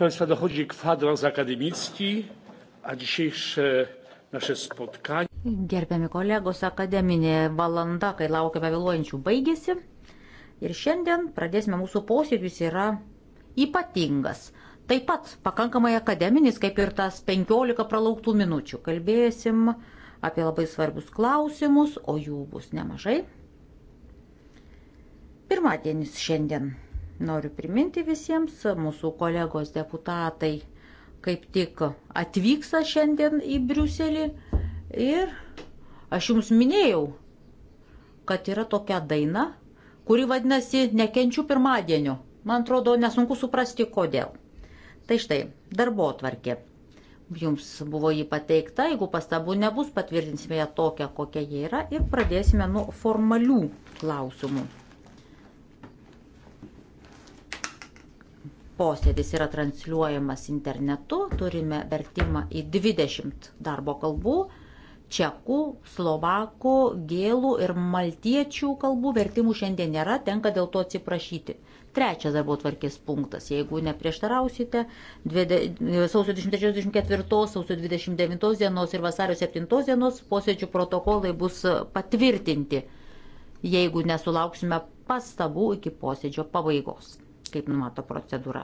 Proszę Państwa, dochodzi kwadrans akademicki, a dzisiejsze nasze spotkanie. Gerbiami kolegos, akademinė valanda, kai laukiame vėluojančių, baigėsi. Ir šiandien pradėsime mūsų posėdis yra ypatingas. Taip pat pakankamai akademinis, kaip ir tas 15 pralauktų minučių. Kalbėsim apie labai svarbus klausimus, o jų bus nemažai. Pirmadienis šiandien Noriu priminti visiems, mūsų kolegos deputatai kaip tik atvyksta šiandien į Briuselį ir aš jums minėjau, kad yra tokia daina, kuri vadinasi Nekenčių pirmadienio. Man atrodo, nesunku suprasti, kodėl. Tai štai, darbo atvarkė. Jums buvo jį pateikta, jeigu pastabų nebus, patvirtinsime ją tokią, kokia jie yra ir pradėsime nuo formalių klausimų. posėdis yra transliuojamas internetu, turime vertimą į 20 darbo kalbų čekų, slovakų, gėlų ir maltiečių kalbų vertimų šiandien nėra, tenka dėl to atsiprašyti. Trečias darbo tvarkės punktas, jeigu neprieštarausite, sausio 23-24, sausio 29 dienos ir vasario 7 dienos posėdžių protokolai bus patvirtinti, jeigu nesulauksime pastabų iki posėdžio pabaigos kaip numato procedūra.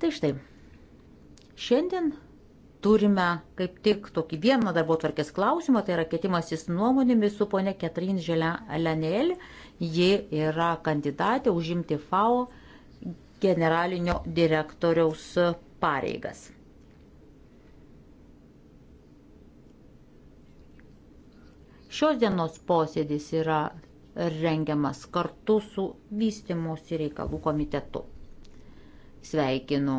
Tai štai, šiandien turime kaip tik tokį vieną darbo tvarkės klausimą, tai yra kėtimasis nuomonėmis su ponė Ketrin Želenėlė. Ji yra kandidatė užimti FAO generalinio direktoriaus pareigas. Šios dienos posėdis yra rengiamas kartu su vystimosi reikalų komitetu. Sveikinu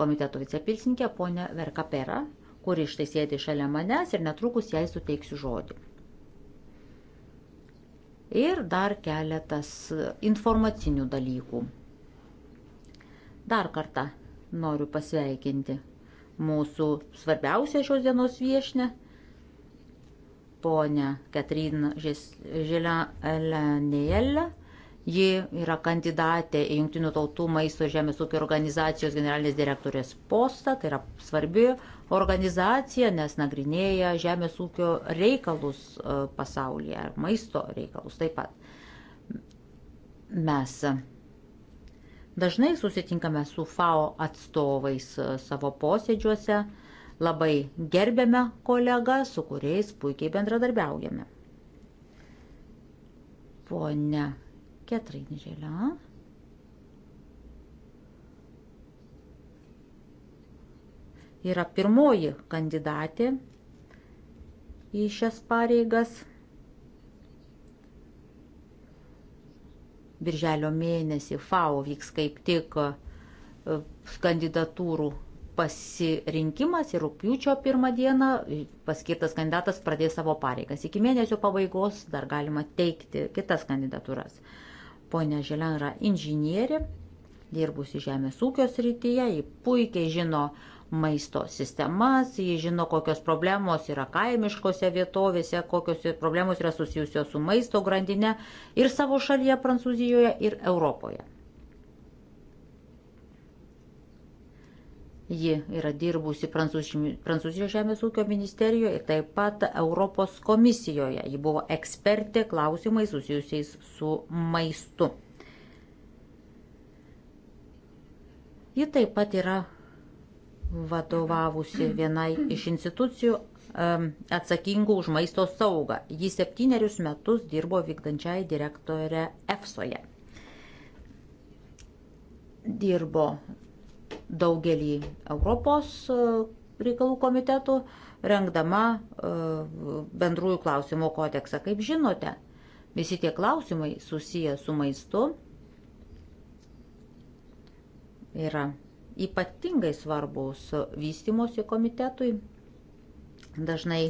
komiteto vicepirsininkę ponę Verkapera, kuri štai sėdi šalia manęs ir netrukus jai suteiksiu žodį. Ir dar keletas informacinių dalykų. Dar kartą noriu pasveikinti mūsų svarbiausią šios dienos viešnę ponę Katrin Žilenėl. Ji yra kandidatė į Junktinių tautų maisto žemės ūkio organizacijos generalinės direktorės postą. Tai yra svarbi organizacija, nes nagrinėja žemės ūkio reikalus e, pasaulyje ir maisto reikalus taip pat. Mes dažnai susitinkame su FAO atstovais e, savo posėdžiuose Labai gerbėme kolegą, su kuriais puikiai bendradarbiaujame. Pone Ketrainžėlė. Yra pirmoji kandidatė į šias pareigas. Birželio mėnesį FAO vyks kaip tik e, kandidatūrų pasirinkimas ir rūpjūčio pirmą dieną paskirtas kandidatas pradės savo pareigas. Iki mėnesio pabaigos dar galima teikti kitas kandidatūras. Pone Želen yra inžinierė, dirbusi žemės ūkio srityje, ji puikiai žino maisto sistemas, ji žino, kokios problemos yra kaimiškose vietovėse, kokios problemos yra susijusios su maisto grandinė ir savo šalyje Prancūzijoje ir Europoje. Ji yra dirbusi Prancūzijos žemės ūkio ministerijoje ir taip pat Europos komisijoje. Ji buvo ekspertė klausimais susijusiais su maistu. Ji taip pat yra vadovavusi vienai iš institucijų atsakingų už maisto saugą. Ji septynerius metus dirbo vykdančiai direktorė EFSOje. Dirbo daugelį Europos e, reikalų komitetų, rengdama e, bendrųjų klausimų kodeksą. Kaip žinote, visi tie klausimai susiję su maistu yra ypatingai svarbus vystimosi komitetui. Dažnai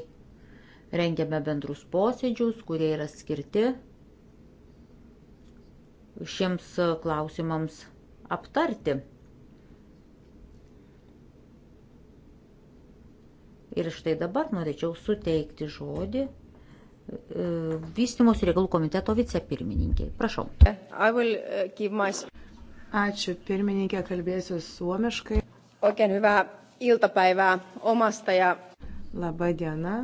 rengiame bendrus posėdžius, kurie yra skirti šiems klausimams aptarti. Ir štai dabar norėčiau suteikti žodį e, vystimos reikalų komiteto vicepirmininkiai. Prašau. Uh, my... Ačiū pirmininkė, kalbėsiu suomiškai. Oikein hyvää iltapäivää omasta ja... Labai diena.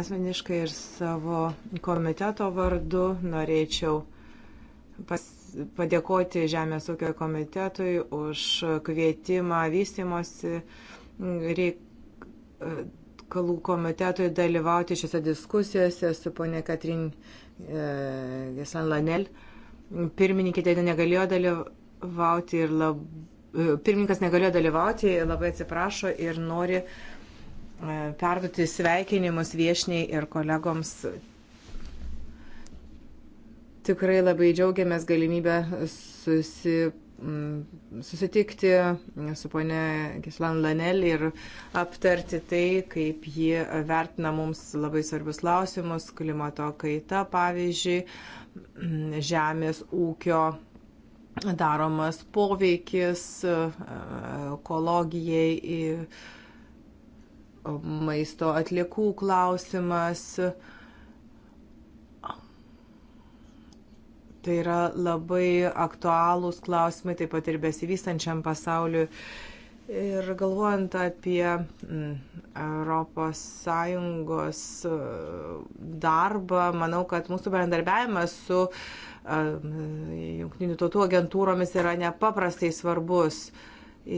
Asmeniškai ir savo komiteto vardu norėčiau pasakyti padėkoti Žemės ūkio komitetui už kvietimą vystimosi reikalų komitetui dalyvauti šiose diskusijose su ponė Katrin e, Gesan Lanel. Pirmininkė tai negalėjo dalyvauti ir lab... E, pirmininkas negalėjo dalyvauti, labai atsiprašo ir nori e, perduoti sveikinimus viešniai ir kolegoms Tikrai labai džiaugiamės galimybę susipažinti mm, susitikti su ponė Gislan Lanel ir aptarti tai, kaip ji vertina mums labai svarbius klausimus, klimato kaita, pavyzdžiui, mm, žemės ūkio daromas poveikis e, ekologijai, maisto atliekų klausimas. Ir Tai yra labai aktualūs klausimai, taip pat ir besivystančiam pasauliu. Ir galvojant apie mm, ES e, darbą, manau, kad mūsų bendarbiavimas su e, Junktinių tautų agentūromis yra nepaprastai svarbus.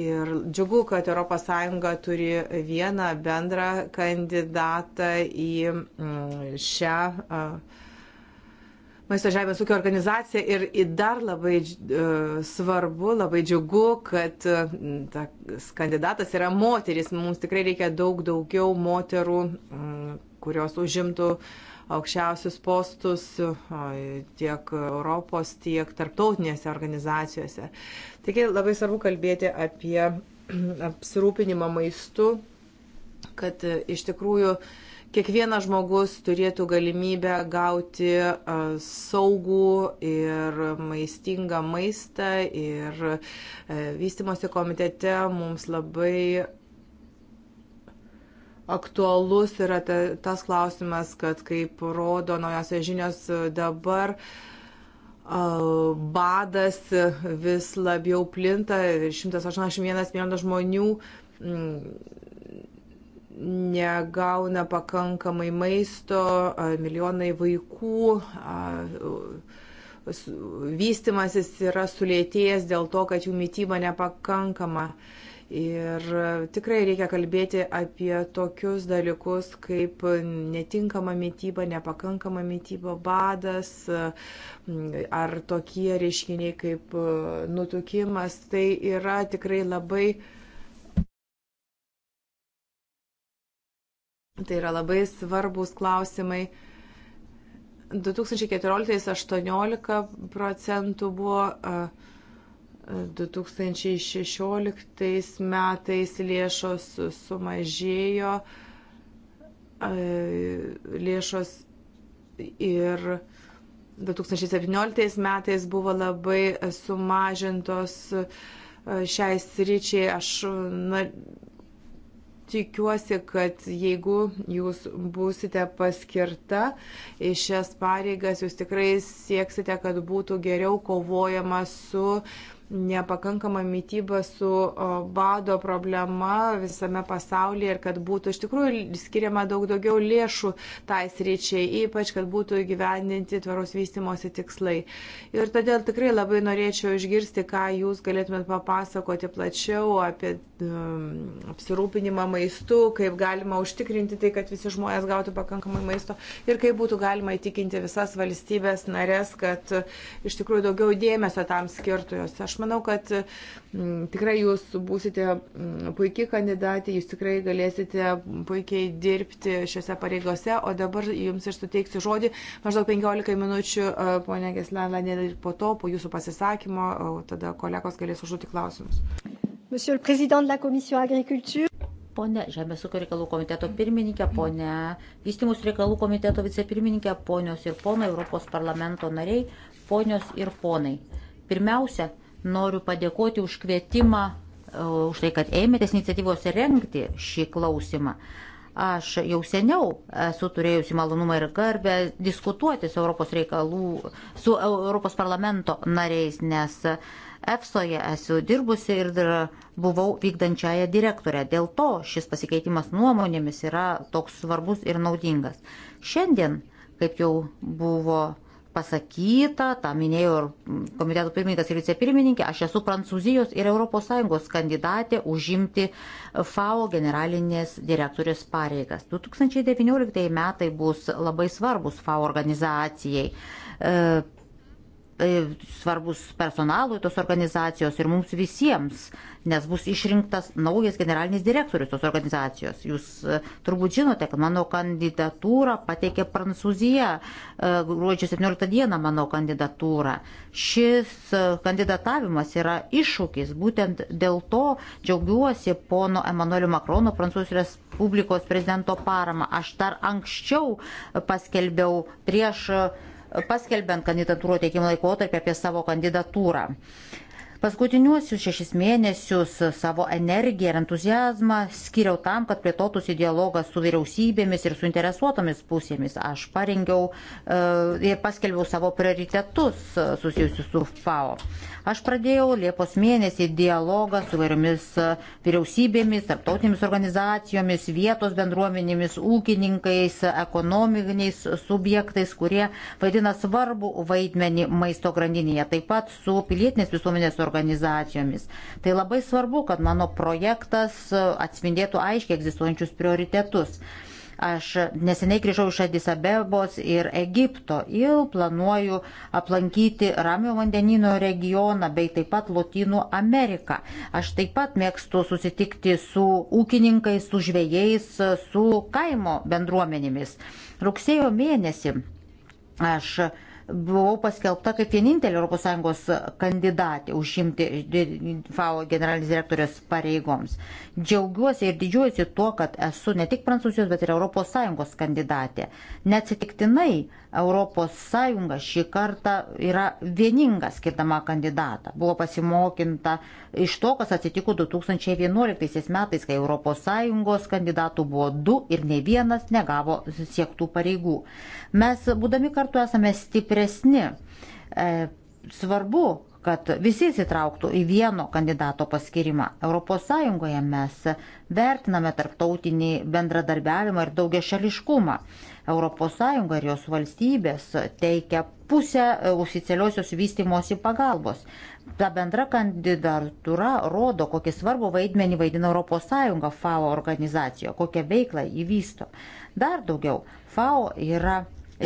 Ir džiugu, kad ES turi vieną bendrą kandidatą į mm, šią. Uh, Maisto žemės ūkio organizacija ir dar labai e, svarbu, labai džiugu, kad tas kandidatas yra moteris. Mums tikrai reikia daug daugiau moterų, kurios užimtų aukščiausius postus e, tiek Europos, tiek tarptautinėse organizacijose. Taigi labai svarbu kalbėti apie apsirūpinimą maistu, kad e, iš tikrųjų uh, kiekvienas žmogus turėtų galimybę gauti saugų ir maistingą maistą ir e, vystimosi komitete mums labai aktualus yra ta, tas klausimas, kad kaip rodo naujosios žinios e, dabar, badas vis labiau plinta ir 181 milijonas žmonių negauna pakankamai maisto, milijonai vaikų. Vystimasis yra sulėtėjęs dėl to, kad jų mytyba nepakankama. Ir tikrai reikia kalbėti apie tokius dalykus kaip netinkama mytyba, nepakankama mytyba, badas ar tokie reiškiniai kaip nutukimas. Tai yra tikrai labai uh, Tai yra labai svarbus klausimai. 2014-2018 procentų buvo, 2016 metais lėšos sumažėjo, lėšos ir 2017 metais buvo labai sumažintos šiai sričiai. Aš na, tikiuosi, kad jeigu jūs būsite paskirta į šias pareigas, jūs tikrai sieksite, kad būtų geriau kovojama su nepakankama mytyba su bado problema visame pasaulyje ir kad būtų iš tikrųjų skiriama daug daugiau lėšų tai sričiai, ypač kad būtų įgyvendinti tvaros vystimosi tikslai. Ir todėl tikrai labai norėčiau išgirsti, ką jūs galėtumėt papasakoti plačiau apie um, apsirūpinimą maistu, kaip galima užtikrinti tai, kad visi žmonės gautų pakankamai maisto ir kaip būtų galima įtikinti visas valstybės narės, kad iš tikrųjų daugiau dėmesio tam skirtų jos. Aš manau, kad m, mm, tikrai jūs būsite m, mm, puikiai kandidatė, jūs tikrai galėsite puikiai dirbti šiuose pareigose, o dabar jums ir suteiksiu žodį maždaug 15 minučių, e, ponia Geslena, ir po to, po jūsų pasisakymo, tada kolegos galės užduoti klausimus. Monsieur le Président de la Commission Agriculture. Pone Žemės ūkio reikalų komiteto pirmininkė, pone Vystimus reikalų komiteto vicepirmininkė, ponios ir ponai, Europos parlamento nariai, ponios ir ponai. Pirmiausia, Noriu padėkoti už kvietimą, e, už tai, kad ėmėtės iniciatyvos rengti šį klausimą. Aš jau seniau esu turėjusi malonumą ir garbę diskutuoti su Europos reikalų, su Europos parlamento nariais, nes EFSOje esu dirbusi ir buvau vykdančiaja direktorė. Dėl to šis pasikeitimas nuomonėmis yra toks svarbus ir naudingas. Šiandien, kaip jau buvo pasakyta, tą minėjo ir komiteto pirmininkas ir vicepirmininkė, aš esu Prancūzijos ir ES kandidatė užimti FAO generalinės direktorės pareigas. 2019 metai bus labai svarbus FAO organizacijai. E, E, svarbus personalui tos organizacijos ir mums visiems, nes bus išrinktas naujas generalinis direktorius tos organizacijos. Jūs e, turbūt žinote, kad mano kandidatūrą pateikė Prancūzija e, gruodžio 17 dieną mano kandidatūrą. Šis kandidatavimas yra iššūkis, būtent dėl to džiaugiuosi pono Emanuelio Makrono Prancūzijos Respublikos prezidento paramą. Aš dar anksčiau paskelbiau prieš paskelbiant kandidatūrų teikimo laikotarpį apie savo kandidatūrą. Paskutiniuosius šešis mėnesius savo energiją ir entuzijazmą skiriau tam, kad plėtotųsi dialogas su vyriausybėmis ir suinteresuotomis pusėmis. Aš parengiau e, ir paskelbiau savo prioritetus e, susijusius su FAO. Aš pradėjau Liepos mėnesį dialogą su vairiomis e, vyriausybėmis, tarptautinėmis organizacijomis, vietos bendruomenėmis, ūkininkais, ekonominiais subjektais, kurie vaidina svarbų vaidmenį maisto grandinėje, taip pat su pilietinės visuomenės organizacijomis. Tai labai svarbu, kad mano projektas e, atspindėtų aiškiai egzistuojančius prioritetus. Aš neseniai grįžau iš Adisabebos ir Egipto ir planuoju aplankyti Ramio vandenino regioną bei taip pat Lotynų Ameriką. Aš taip pat mėgstu susitikti su ūkininkais, su žvėjais, su kaimo bendruomenėmis. Rugsėjo mėnesį aš buvau paskelbta kaip vienintelė ES kandidatė užimti FAO generalinės direktorės pareigoms. Džiaugiuosi ir didžiuojuosi tuo, kad esu ne tik Prancūzijos, bet ir ES kandidatė. Neatsitiktinai ES šį kartą yra vieninga skirdama kandidatą. Buvo pasimokinta iš to, kas atsitiko 2011 metais, kai ES kandidatų buvo du ir ne vienas negavo siektų pareigų. Mes, būdami kartu, esame stipri atviresni. E, svarbu, kad visi įsitrauktų į vieno kandidato paskirimą. ES mes vertiname tarptautinį bendradarbiavimą ir daugia šališkumą. ES ir jos valstybės teikia pusę oficialiosios vystimosi pagalbos. Ta bendra kandidatūra rodo, kokį svarbų vaidmenį vaidina ES FAO organizacijoje, kokią veiklą įvysto. Dar daugiau, FAO yra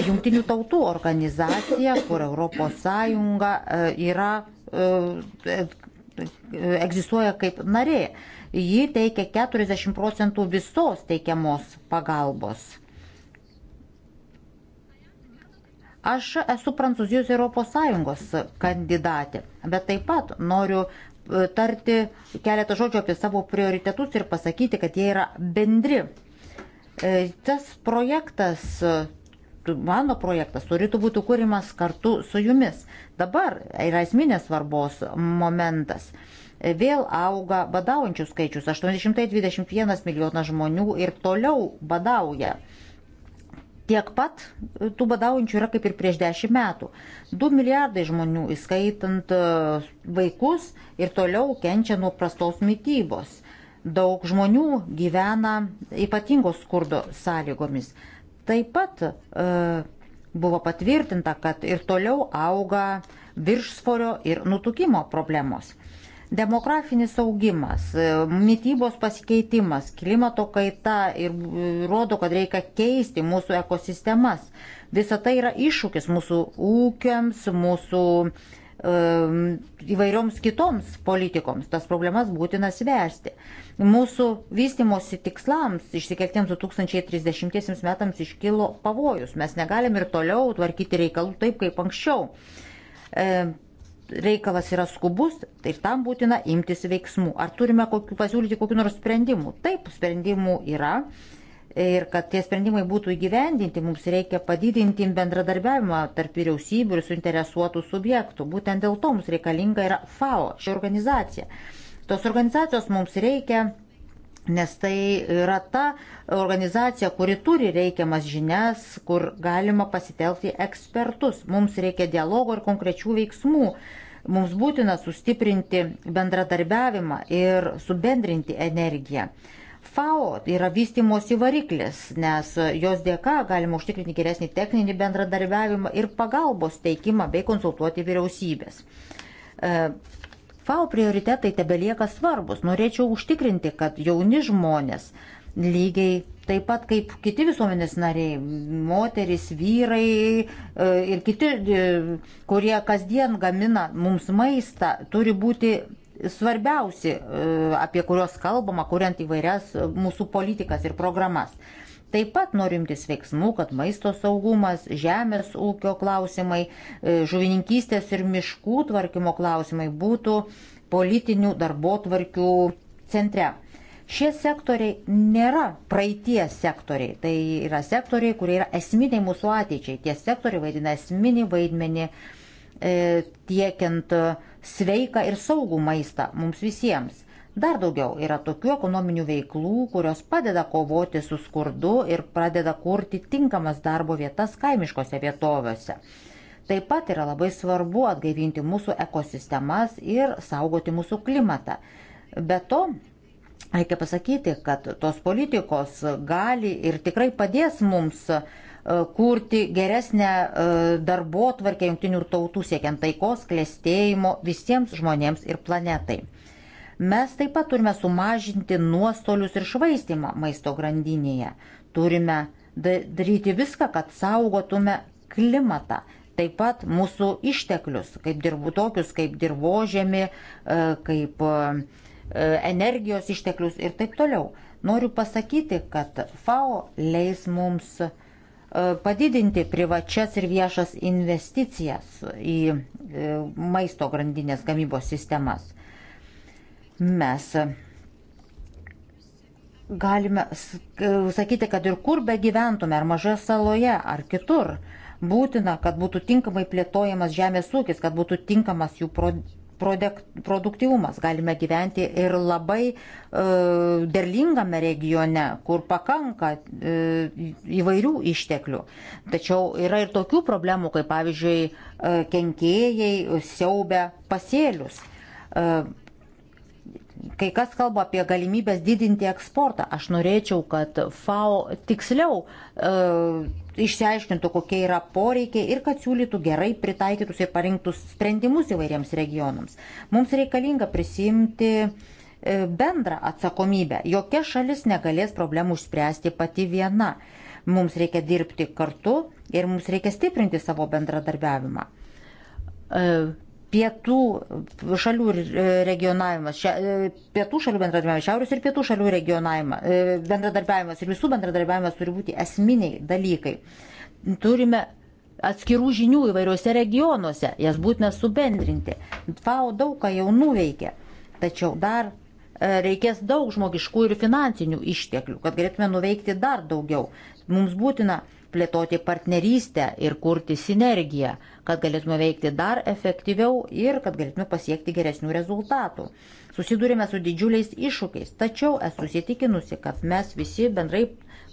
Jungtinių tautų organizacija, kur ES e, yra, e, e, egzistuoja kaip narė. Ji teikia 40 procentų visos teikiamos pagalbos. Aš esu Prancūzijos ES kandidatė, bet taip pat noriu tarti keletą žodžių apie savo prioritetus ir pasakyti, kad jie yra bendri. Tas projektas mano projektas turėtų būti kūrimas kartu su jumis. Dabar yra esminės svarbos momentas. Vėl auga badaujančių skaičius. 821 milijonas žmonių ir toliau badauja. Tiek pat tų badaujančių yra kaip ir prieš dešimt metų. 2 milijardai žmonių, įskaitant e, vaikus, ir toliau kenčia nuo prastos mytybos. Daug žmonių gyvena ypatingos skurdo sąlygomis. Taip pat e, buvo patvirtinta, kad ir toliau auga viršsvorio ir nutukimo problemos. Demografinis augimas, e, mytybos pasikeitimas, klimato kaita ir e, rodo, kad reikia keisti mūsų ekosistemas. Visa tai yra iššūkis mūsų ūkiams, mūsų uh, Um, įvairioms kitoms politikoms. Tas problemas būtina svesti. Mūsų vystimosi tikslams išsikeltiems 2030 metams iškilo pavojus. Mes negalim ir toliau tvarkyti reikalų taip, kaip anksčiau. Um, reikalas yra skubus, tai tam būtina imtis veiksmų. Ar turime kokiu, pasiūlyti kokiu nors sprendimu? Taip, sprendimų yra. Ir kad tie sprendimai būtų įgyvendinti, mums reikia padidinti bendradarbiavimą tarp vyriausybių ir suinteresuotų subjektų. Būtent dėl to mums reikalinga yra FAO, ši organizacija. Tos organizacijos mums reikia, nes tai yra ta organizacija, kuri turi reikiamas žinias, kur galima pasitelkti ekspertus. Mums reikia dialogo ir konkrečių veiksmų mums būtina sustiprinti bendradarbiavimą ir subendrinti energiją. FAO yra vystimosi variklis, nes jos dėka galima užtikrinti geresnį techninį bendradarbiavimą ir pagalbos teikimą bei konsultuoti vyriausybės. E, FAO prioritetai tebelieka svarbus. Norėčiau užtikrinti, kad jauni žmonės lygiai taip pat kaip kiti visuomenės nariai, moteris, vyrai e, ir kiti, e, kurie kasdien gamina mums maistą, turi būti svarbiausi, e, apie kuriuos kalbama, kuriant įvairias e, mūsų politikas ir programas. Taip pat norimtis veiksmų, kad maisto saugumas, žemės ūkio klausimai, e, žuvininkystės ir miškų tvarkymo klausimai būtų politinių darbo tvarkių centre. Šie sektoriai nėra praeities sektoriai, tai yra sektoriai, kurie yra esminiai mūsų ateičiai. Tie sektoriai vaidina esminį vaidmenį e, tiekiant e, sveiką ir saugų maistą mums visiems. Dar daugiau yra tokių ekonominių veiklų, kurios padeda kovoti su skurdu ir pradeda kurti tinkamas darbo vietas kaimiškose vietovėse. Taip pat yra labai svarbu atgaivinti mūsų ekosistemas ir saugoti mūsų klimatą. Be to, reikia pasakyti, kad tos politikos gali ir tikrai padės mums uh, E, kurti geresnę e, darbo tvarkę jungtinių tautų siekiant taikos, klėstėjimo visiems žmonėms ir planetai. Mes taip pat turime sumažinti nuostolius ir švaistimą maisto grandinėje. Turime daryti viską, kad saugotume klimatą, taip pat mūsų išteklius, kaip dirbų tokius, kaip dirbožėmi, e, kaip energijos išteklius ir taip toliau. Noriu pasakyti, kad FAO leis mums uh, E, padidinti privačias ir viešas investicijas į e, maisto grandinės gamybos sistemas. Mes galime sakyti, kad ir kur be gyventume, ar mažoje saloje, ar kitur, būtina, kad būtų tinkamai plėtojamas žemės ūkis, kad būtų tinkamas jų produktivumas. Galime gyventi ir labai uh, derlingame regione, kur pakanka uh, įvairių išteklių. Tačiau yra ir tokių problemų, kaip pavyzdžiui, uh, kenkėjai siaubia pasėlius. Uh, kai kas kalba apie galimybės didinti eksportą, aš norėčiau, kad FAO tiksliau e, išsiaiškintų, kokie yra poreikiai ir kad siūlytų gerai pritaikytus ir parinktus sprendimus įvairiems regionams. Mums reikalinga prisimti e, bendrą atsakomybę. Jokia šalis negalės problemų išspręsti pati viena. Mums reikia dirbti kartu ir mums reikia stiprinti savo bendradarbiavimą. E, pietų šalių regionavimas, šia, e, pietų šalių bendradarbiavimas, šiaurės ir pietų šalių e, bendradarbiavimas ir visų bendradarbiavimas turi būti esminiai dalykai. Turime atskirų žinių įvairiuose regionuose, jas būtina subendrinti. FAO daug ką jau nuveikė, tačiau dar e, reikės daug žmogiškų ir finansinių išteklių, kad galėtume nuveikti dar daugiau. Mums būtina plėtoti partnerystę ir kurti sinergiją, kad galėtume veikti dar efektyviau ir kad galėtume pasiekti geresnių rezultatų. Susidūrėme su didžiuliais iššūkiais, tačiau esu įsitikinusi, kad mes visi bendrai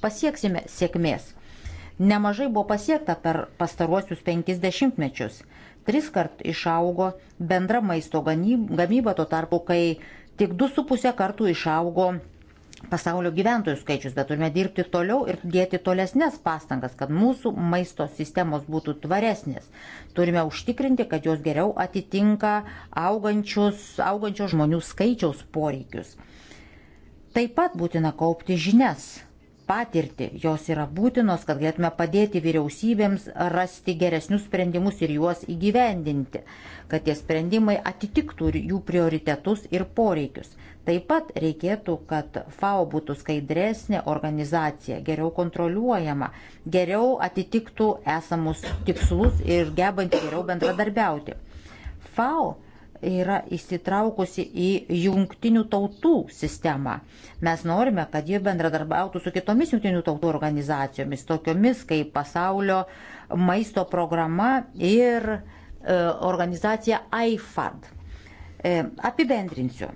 pasieksime sėkmės. Nemažai buvo pasiekta per pastaruosius penkis dešimtmečius. Tris kart išaugo bendra maisto gamyba, tuo tarpu, kai tik du su pusę kartų išaugo pasaulio gyventojų skaičius, bet turime dirbti toliau ir dėti tolesnės pastangas, kad mūsų maisto sistemos būtų tvaresnės. Turime užtikrinti, kad jos geriau atitinka augančios žmonių skaičiaus poreikius. Taip pat būtina kaupti žinias patirtį. Jos yra būtinos, kad galėtume padėti vyriausybėms rasti geresnius sprendimus ir juos įgyvendinti, kad tie sprendimai atitiktų jų prioritetus ir poreikius. Taip pat reikėtų, kad FAO būtų skaidresnė organizacija, geriau kontroliuojama, geriau atitiktų esamus tikslus ir gebanti geriau bendradarbiauti. FAO yra įsitraukusi į jungtinių tautų sistemą. Mes norime, kad jie bendradarbiautų su kitomis jungtinių tautų organizacijomis, tokiomis kaip pasaulio maisto programa ir e, organizacija AIFAD. E, apibendrinsiu.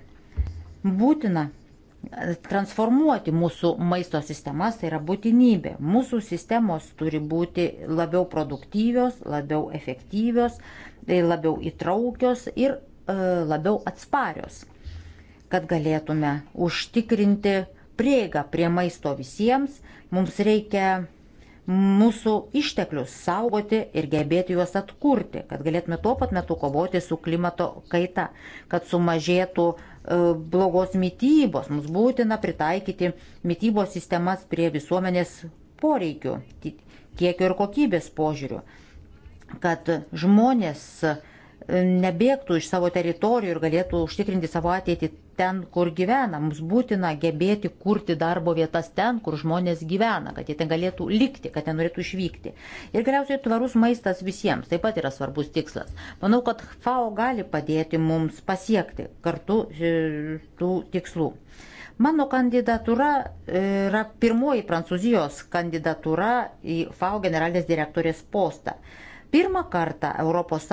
Būtina e, transformuoti mūsų maisto sistemas, tai yra būtinybė. Mūsų sistemos turi būti labiau produktyvios, labiau efektyvios, e, labiau įtraukios ir E, labiau atsparios, kad galėtume užtikrinti prieigą prie maisto visiems, mums reikia mūsų išteklius saugoti ir gebėti juos atkurti, kad galėtume tuo pat metu kovoti su klimato kaita, kad sumažėtų e, blogos mytybos. Mums būtina pritaikyti mytybos sistemas prie visuomenės poreikių, kiekio ir kokybės požiūrių, kad žmonės uh, nebėgtų iš savo teritorijų ir galėtų užtikrinti savo ateitį ten, kur gyvena. Mums būtina gebėti kurti darbo vietas ten, kur žmonės gyvena, kad jie ten galėtų likti, kad ten norėtų išvykti. Ir galiausiai tvarus maistas visiems taip pat yra svarbus tikslas. Manau, kad FAO gali padėti mums pasiekti kartu e, tų tikslų. Mano kandidatūra e, yra pirmoji Prancūzijos kandidatūra į FAO generalinės direktorės postą. Pirmą kartą ES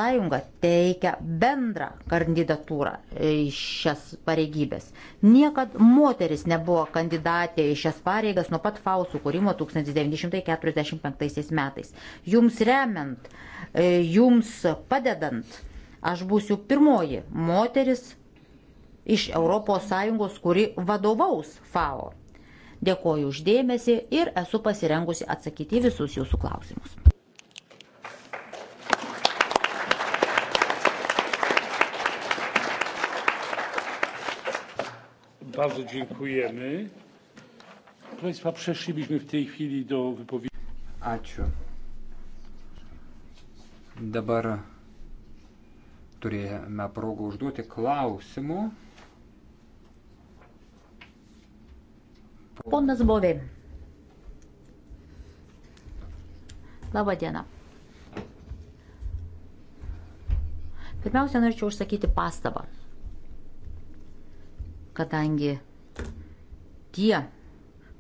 teikia bendrą kandidatūrą į šias pareigybės. Niekad moteris nebuvo kandidatė į šias pareigas nuo pat FAU sukūrimo 1945 metais. Jums remiant, e, jums padedant, aš būsiu pirmoji moteris iš ES, kuri vadovaus FAO. Dėkoju uždėmesi ir esu pasirengusi atsakyti visus jūsų klausimus. Bardzo dziękujemy. Proszę Państwa, przeszlibyśmy w tej chwili do wypowiedzi. Ačiū. Dabar turėjome progą užduoti klausimų. Ponas Bovė. Labą dieną. Pirmiausia, norėčiau užsakyti pastabą kadangi tie,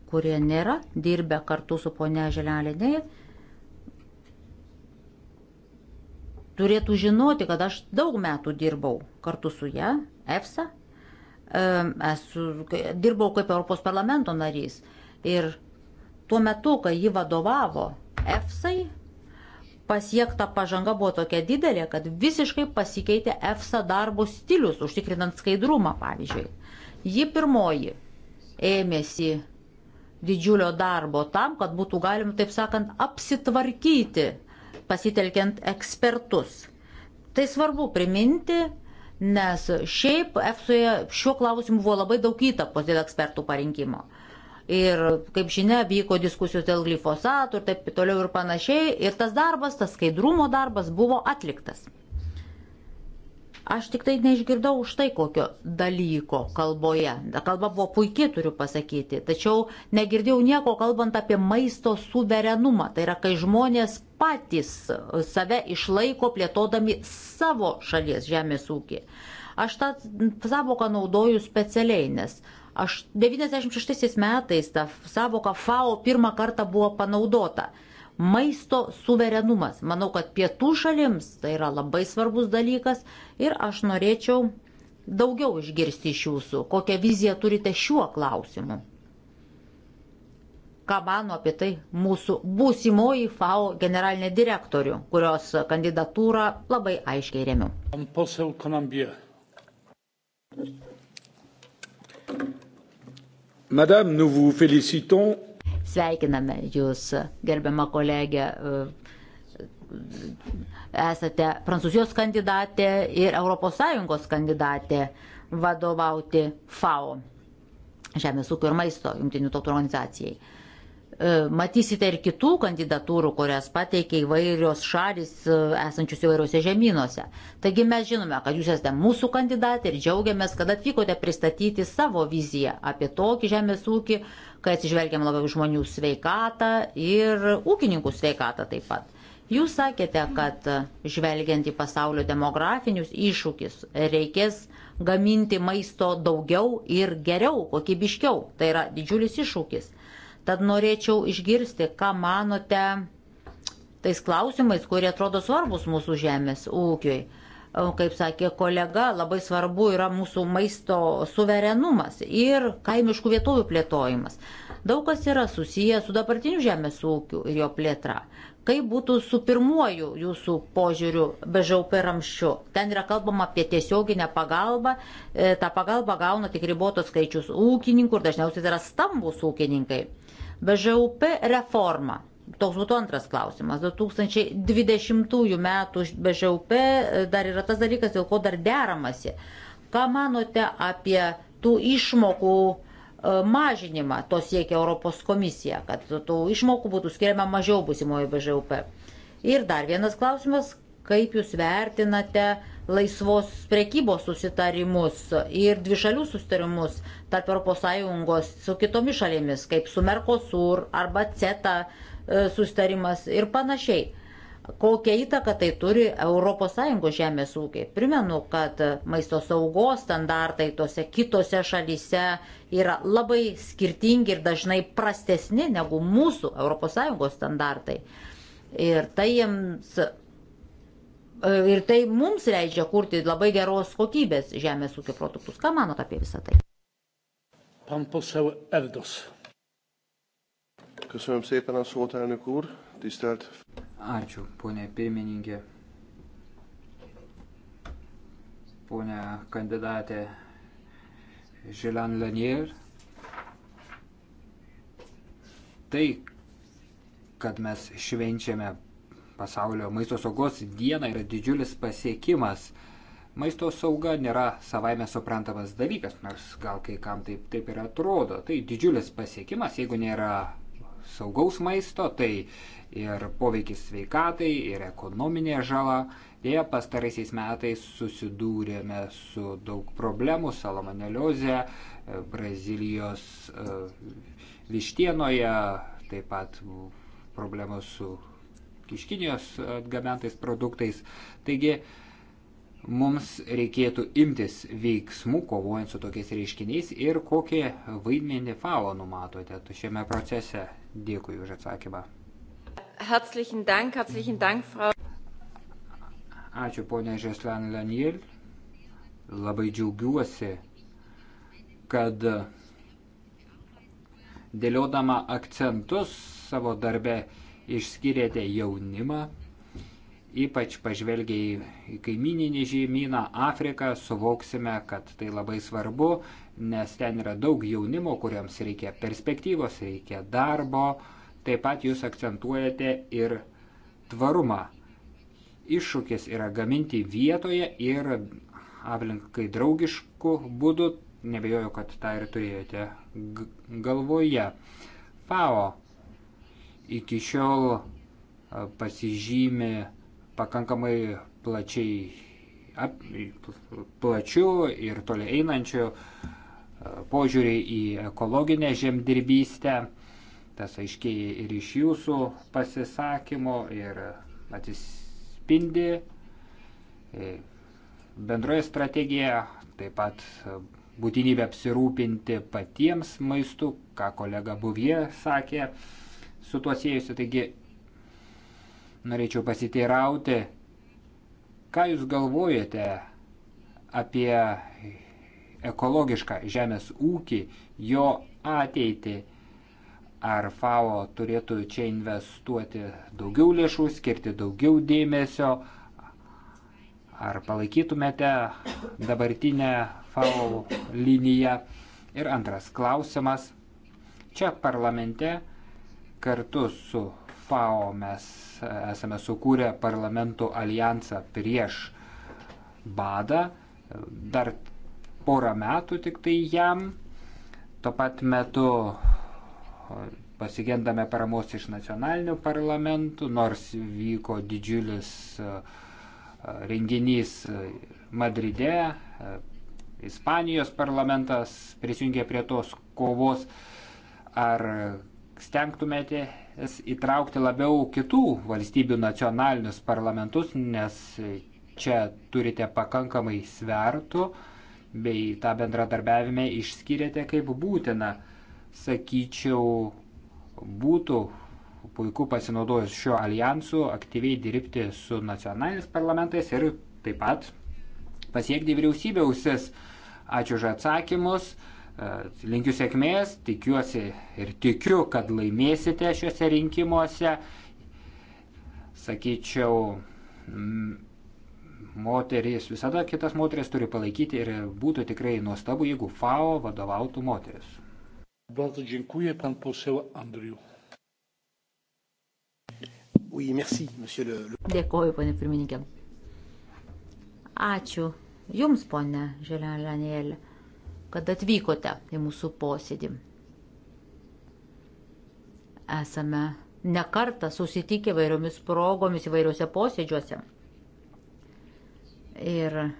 kurie nėra dirbę kartu su ponia Želelėdėje, turėtų žinoti, kad aš daug metų dirbau kartu su ją, EFSA, esu, dirbau kaip Europos parlamento narys. Ir tuo metu, kai ji vadovavo EFSAI, pasiekta pažanga buvo tokia didelė, kad visiškai pasikeitė EFSA darbo stilius, užtikrinant skaidrumą, pavyzdžiui. Ji pirmoji ėmėsi didžiulio darbo tam, kad būtų galima, taip sakant, apsitvarkyti, pasitelkiant ekspertus. Tai svarbu priminti, nes šiaip EFSOje šiuo klausimu buvo labai daug įtakos dėl ekspertų parinkimo. Ir, kaip žinia, vyko diskusijos dėl glifosatų ir taip toliau ir panašiai. Ir tas darbas, tas skaidrumo darbas buvo atliktas. Aš tik tai neišgirdau už tai kokio dalyko kalboje. Kalba buvo puikiai, turiu pasakyti, tačiau negirdėjau nieko kalbant apie maisto suverenumą. Tai yra, kai žmonės patys save išlaiko plėtodami savo šalies žemės ūkį. Aš tą savoką naudoju specialiai, nes aš 96 metais ta savoka FAO pirmą kartą buvo panaudota maisto suverenumas. Manau, kad pietų šalims tai yra labai svarbus dalykas ir aš norėčiau daugiau išgirsti iš jūsų, kokią viziją turite šiuo klausimu. Ką mano apie tai mūsų būsimoji FAO generalinė direktorių, kurios kandidatūrą labai aiškiai remiu. Madame, nous vous félicitons Sveikiname Jūs, gerbiama kolegė. Esate Prancūzijos kandidatė ir ES kandidatė vadovauti FAO, Žemės ūkio ir maisto jungtinių tautų organizacijai. E, matysite ir kitų kandidatūrų, kurias pateikia įvairios šalis e, esančius įvairiuose žemynuose. Taigi mes žinome, kad jūs esate mūsų kandidatė ir džiaugiamės, kad atvykote pristatyti savo viziją apie tokį žemės ūkį, kai atsižvelgiam labiau žmonių sveikatą ir ūkininkų sveikatą taip pat. Jūs sakėte, kad žvelgiant į pasaulio demografinius iššūkius reikės gaminti maisto daugiau ir geriau, kokybiškiau. Tai yra didžiulis iššūkis. Tad norėčiau išgirsti, ką manote tais klausimais, kurie atrodo svarbus mūsų žemės ūkiui kaip sakė kolega, labai svarbu yra mūsų maisto suverenumas ir kaimiškų vietovių plėtojimas. Daug kas yra susiję su dabartiniu žemės ūkiu ir jo plėtra. Kaip būtų su pirmuoju jūsų požiūriu bežaupė ramščiu? Ten yra kalbama apie tiesioginę pagalbą. E, tą pagalbą gauna tik ribotos skaičius ūkininkų ir dažniausiai tai yra stambus ūkininkai. BŽUP reforma Toks būtų antras klausimas. 2020 metų BŽUP e, dar yra tas dalykas, dėl ko dar deramasi. Ką manote apie tų išmokų e, mažinimą, to siekia Europos komisija, kad tų išmokų būtų skiriama mažiau busimojo BŽUP? Ir dar vienas klausimas, kaip jūs vertinate laisvos prekybos susitarimus ir dvišalių susitarimus tarp ES su kitomis šalimis, kaip su Mercosur arba CETA E, sustarimas ir panašiai. Kokią įtaką tai turi ES žemės ūkiai? Primenu, kad maisto saugos standartai tose kitose šalyse yra labai skirtingi ir dažnai prastesni negu mūsų ES standartai. Ir tai jiems e, ir tai mums leidžia kurti labai geros kokybės žemės ūkio produktus. Ką manot apie visą tai? Pan posel Erdos. Köszönöm szépen a szót, elnök úr. Tisztelt. Ačiū, ponė pirmininkė. Ponė kandidatė Žilan Lanier. Tai, kad mes švenčiame pasaulio maisto saugos dieną, yra didžiulis pasiekimas. Maisto sauga nėra savaime suprantamas dalykas, nors gal kai kam taip, taip ir atrodo. Tai didžiulis pasiekimas, jeigu nėra saugaus maisto, tai ir poveikis sveikatai, ir ekonominė žala. Dėja, pastaraisiais metais susidūrėme su daug problemų salamoneliozė, e, Brazilijos e, vištienoje, taip pat problemos su iš Kinijos e, atgabentais produktais. Taigi, mums reikėtų imtis veiksmų, kovojant su tokiais reiškiniais ir kokį vaidmenį FAO numatote šiame procese. Dėkui už atsakymą. Herzlichen Dank, herzlichen Dank, Frau. Ačiū ponė Žeslan Laniel. Labai džiaugiuosi, kad dėliodama akcentus savo darbe išskirėte jaunimą, ypač pažvelgiai į kaimininį žemyną Afriką, suvoksime, kad tai labai svarbu, nes ten yra daug jaunimo, kuriems reikia perspektyvos, reikia darbo. Taip pat jūs akcentuojate ir tvarumą. Iššūkis yra gaminti vietoje ir aplinkai draugišku būdu. Nebejoju, kad tą ir turėjote galvoje. FAO iki šiol pasižymi pakankamai plačiai ap, plačių ir toliai einančių požiūrį į ekologinę žemdirbystę. Tas aiškiai ir iš jūsų pasisakymo ir atsispindi e, bendroje strategijoje, taip pat e, būtinybė apsirūpinti patiems maistu, ką kolega Buvie sakė, su tuo siejusi. Taigi norėčiau pasiteirauti, ką jūs galvojate apie ekologišką žemės ūkį, jo ateitį. Ar FAO turėtų čia investuoti daugiau lėšų, skirti daugiau dėmesio, ar palaikytumėte dabartinę FAO liniją. Ir antras klausimas. Čia parlamente kartu su FAO mes esame sukūrę parlamentų alijansą prieš badą. Dar porą metų tik tai jam. Tuo pat metu pasigendame paramos iš nacionalinių parlamentų, nors vyko didžiulis renginys Madride, Ispanijos parlamentas prisijungė prie tos kovos. Ar stengtumėte įtraukti labiau kitų valstybių nacionalinius parlamentus, nes čia turite pakankamai svertų, uh, bei tą bendradarbiavimą išskiriate kaip būtina. Sakyčiau, būtų puiku pasinaudojus šiuo alijansu aktyviai dirbti su nacionaliniais parlamentais ir taip pat pasiekti vyriausybę ausis. Ačiū už atsakymus, e, linkiu sėkmės, tikiuosi ir tikiu, kad laimėsite šiuose rinkimuose. Sakyčiau, moterys visada kitas moteris turi palaikyti ir būtų tikrai nuostabu, jeigu FAO vadovautų moteris. Bardzo dziękuję, pan poseł Andriu. Oui, merci, monsieur le... Dėkoju, ponė pirmininkė. Ačiū Jums, ponė Želenėlė, kad atvykote į mūsų posėdį. Esame nekartą susitikę vairiomis progomis įvairiuose posėdžiuose. Ir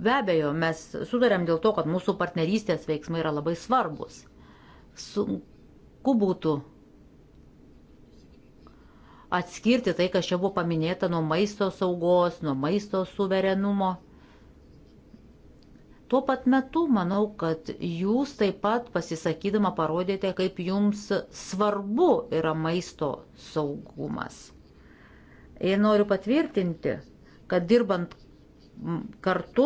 be abejo, mes sudarėm dėl to, kad mūsų partnerystės veiksmai yra labai svarbus. Sunku būtų atskirti tai, kas čia buvo paminėta nuo maisto saugos, nuo maisto suverenumo. Tuo pat metu manau, kad jūs taip pat pasisakydama parodėte, kaip jums svarbu yra maisto saugumas. Ir noriu patvirtinti, kad dirbant kartu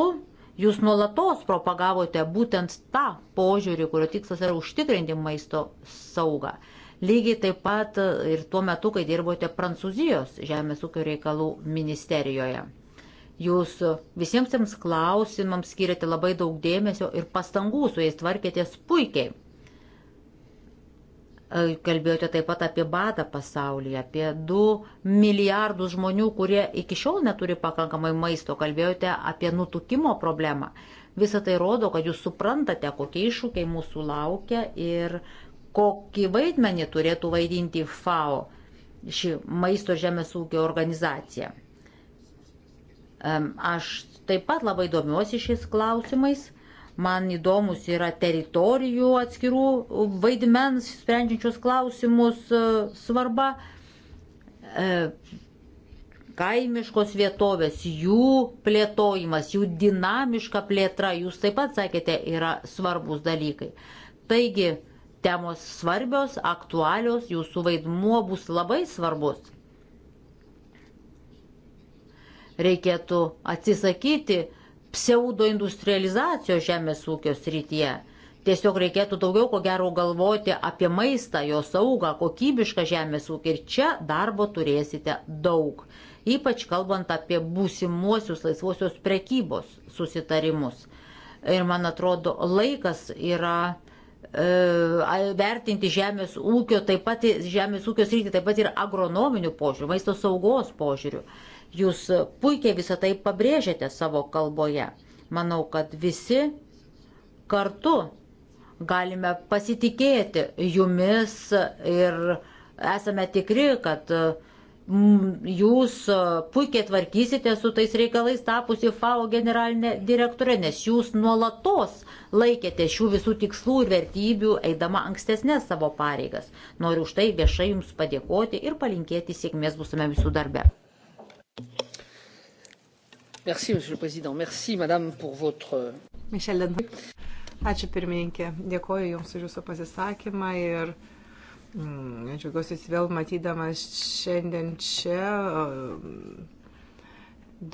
jūs nuolatos propagavote būtent tą požiūrį, kurio tikslas yra užtikrinti maisto saugą. Lygiai taip pat ir tuo metu, kai dirbote Prancūzijos žemės ūkio reikalų ministerijoje. Jūs visiems tiems klausimams skiriate labai daug dėmesio ir pastangų, su jais tvarkėtės puikiai. E, kalbėjote taip pat apie badą pasaulyje, apie 2 milijardus žmonių, kurie iki šiol neturi pakankamai maisto. Kalbėjote apie nutukimo problemą. Visą tai rodo, kad jūs suprantate, kokie iššūkiai mūsų laukia ir kokį vaidmenį turėtų vaidinti FAO, ši maisto žemės ūkio organizacija. Aš taip pat labai domiuosi šiais klausimais Man įdomus yra teritorijų atskirų vaidmens, sprendžiančios klausimus e, svarba, e, kaimiškos vietovės, jų plėtojimas, jų dinamiška plėtra, jūs taip pat sakėte, yra svarbus dalykai. Taigi, temos svarbios, aktualios, jūsų vaidmuo bus labai svarbus reikėtų atsisakyti pseudoindustrializacijos žemės ūkio srityje. Tiesiog reikėtų daugiau, ko gero, galvoti apie maistą, jo saugą, kokybišką žemės ūkį ir čia darbo turėsite daug. Ypač kalbant apie būsimuosius laisvosios prekybos susitarimus. Ir man atrodo, laikas yra e, vertinti žemės ūkio, taip pat žemės ūkio sritį, taip pat ir agronominių požiūrių, maisto saugos požiūrių. E, Jūs puikiai visą tai pabrėžėte savo kalboje. Manau, kad visi kartu galime pasitikėti jumis ir esame tikri, kad mm, jūs puikiai tvarkysite su tais reikalais tapusi FAO generalinė direktorė, nes jūs nuolatos laikėte šių visų tikslų ir vertybių, eidama ankstesnės savo pareigas. Noriu už tai viešai jums padėkoti ir palinkėti sėkmės būsame visų darbe. Merci, monsieur le président. Merci, madame, pour votre. Mišelė, ačiū pirmininkė. Dėkoju Jums už Jūsų pasisakymą ir mm, džiugiuosi Jūs vėl matydamas šiandien čia.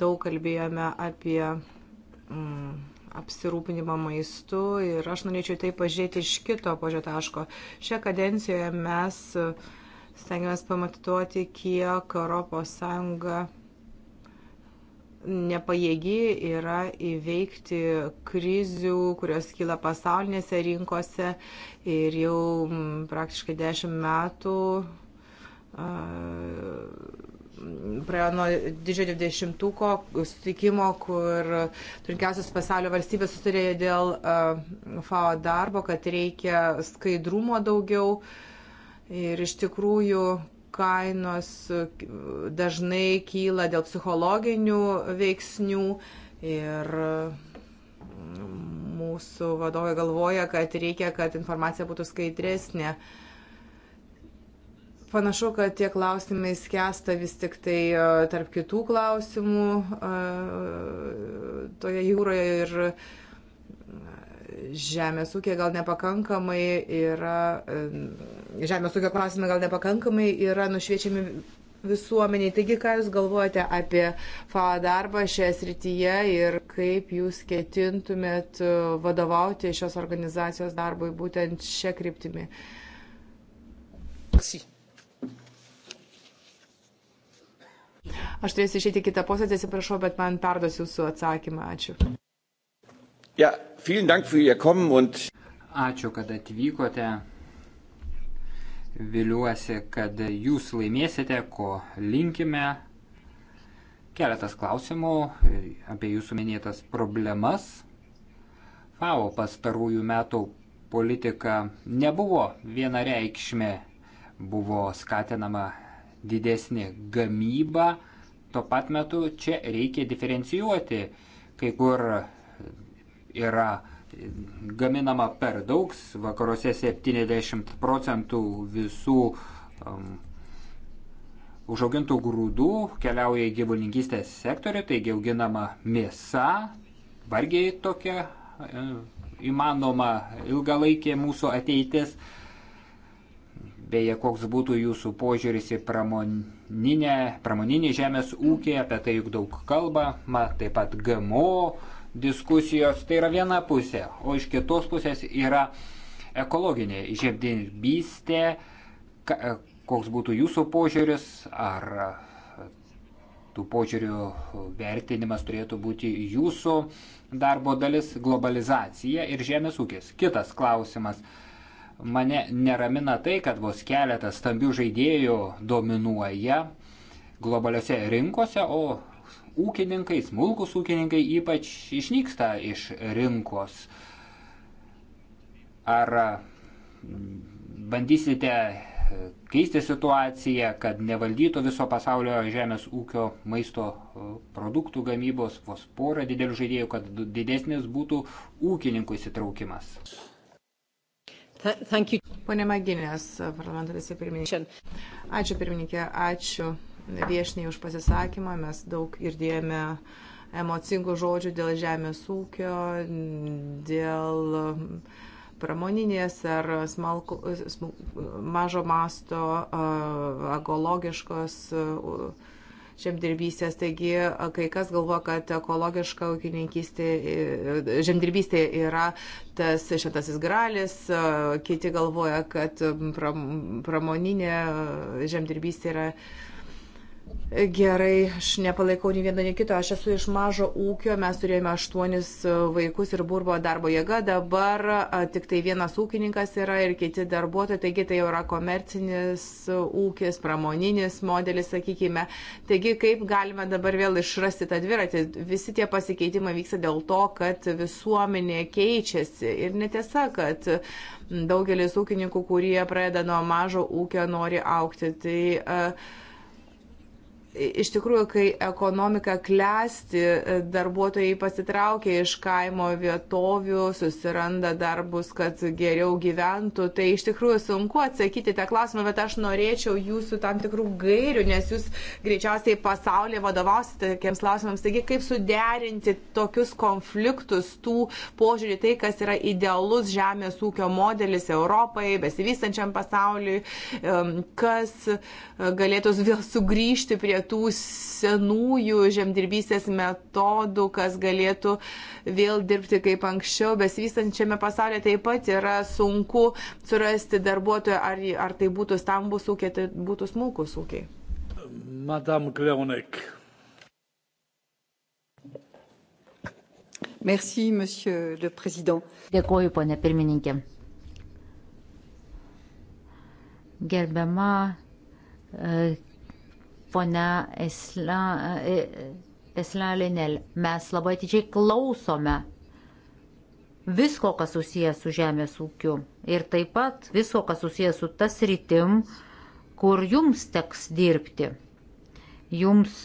Daug kalbėjome apie mm, apsirūpinimą maistu ir aš norėčiau tai pažiūrėti iš kito požiūrio taško. Šią kadencijoje mes stengiamės pamatuoti, kiek ES nepajėgi yra įveikti krizių, kurios kyla pasaulinėse rinkose ir jau praktiškai dešimt metų praėjo nuo didžiojo 20-ko sutikimo, kur turkiausios pasaulio valstybės sutarė dėl FAO darbo, kad reikia skaidrumo daugiau. Ir iš tikrųjų kainos dažnai kyla dėl psichologinių veiksnių ir mūsų vadovai galvoja, kad reikia, kad informacija būtų skaidresnė. Panašu, kad tie klausimai skęsta vis tik tai e, tarp kitų klausimų e, toje jūroje ir žemės ūkė gal nepakankamai yra, žemės ūkio klausimai gal nepakankamai yra nušviečiami visuomeniai. Taigi, ką Jūs galvojate apie FAO darbą šioje srityje ir kaip Jūs ketintumėt e, vadovauti šios organizacijos darbui būtent šią kryptimį? Merci. Aš turėsiu išėti kitą posėdį, atsiprašau, bet man perduos jūsų atsakymą. Ačiū. Yeah. Ja. Ačiū, kad atvykote. Viliuosi, kad jūs laimėsite, ko linkime. Keletas klausimų apie jūsų minėtas problemas. FAO pastarųjų metų politika nebuvo vienareikšmė, buvo skatinama didesnė gamyba, tuo pat metu čia reikia diferencijuoti, kai kur yra gaminama per daug, vakaruose 70 procentų visų um, užaugintų grūdų keliauja į gyvulininkystės sektorių, taigi auginama mėsa, vargiai tokia e, įmanoma ilgalaikė mūsų ateitis. Beje, koks būtų jūsų požiūris į pramoninę, pramoninį žemės ūkį, apie tai juk daug kalbama, taip pat GMO, diskusijos, tai yra viena pusė, o iš kitos pusės yra ekologinė žemdirbystė, e, koks būtų jūsų požiūris, ar e, tų požiūrių vertinimas turėtų būti jūsų darbo dalis globalizacija ir žemės ūkis. Kitas klausimas. Mane neramina tai, kad vos keletas stambių žaidėjų dominuoja globaliuose rinkose, o ūkininkai, smulkus ūkininkai ypač išnyksta iš rinkos. Ar mm, bandysite e, keisti situaciją, kad nevaldytų viso pasaulio žemės ūkio maisto e, produktų gamybos vos porą didelių žaidėjų, kad didesnis būtų ūkininkų įsitraukimas. Thank you. Pone Maginės, parlamento vicepirmininkė. Ačiū pirmininkė, ačiū viešniai už pasisakymą. Mes daug girdėjome emocingų žodžių dėl žemės ūkio, dėl pramoninės ar smalko, smulk, mažo masto, ekologiškos žemdirbystės. Taigi, kai kas galvoja, kad ekologiška ūkininkystė, e, žemdirbystė yra tas šventasis gralis, kiti galvoja, kad pramoninė žemdirbystė yra Gerai, aš nepalaikau nei vieno, nei kito. Aš esu iš mažo ūkio, mes turėjome aštuonis e, vaikus ir burbo darbo jėga, dabar e, tik tai vienas ūkininkas yra ir kiti darbuotojai, taigi tai yra komercinis ūkis, pramoninis modelis, sakykime. Taigi kaip galime dabar vėl išrasti tą dviratį? Visi tie pasikeitimai vyksta dėl to, kad visuomenė keičiasi. Ir netiesa, kad daugelis ūkininkų, kurie pradeda nuo mažo ūkio, nori aukti. Tai, uh, Iš tikrųjų, kai ekonomika klesti, e, darbuotojai pasitraukia iš kaimo vietovių, susiranda darbus, kad geriau gyventų. Tai iš tikrųjų sunku atsakyti tą klausimą, bet aš norėčiau jūsų tam tikrų gairių, nes jūs greičiausiai pasaulyje vadovausite tokiems klausimams. Taigi, kaip suderinti tokius konfliktus, tų požiūrį, tai kas yra idealus žemės ūkio modelis Europai, besivystančiam pasauliui, kas e, galėtų vėl sugrįžti prie tų senųjų žemdirbystės metodų, kas galėtų vėl dirbti kaip anksčiau. Besivystančiame pasaulyje taip pat yra sunku surasti darbuotojų, ar, ar tai būtų stambus ūkiai, tai būtų smulkus ūkiai. Madame Kleonek. Merci, monsieur le président. Dėkoju, ponė pirmininkė. Gerbiama Pone Eslelinel, mes labai atidžiai klausome visko, kas susijęs su žemės ūkiu ir taip pat visko, kas susijęs su tas rytim, kur jums teks dirbti. Jums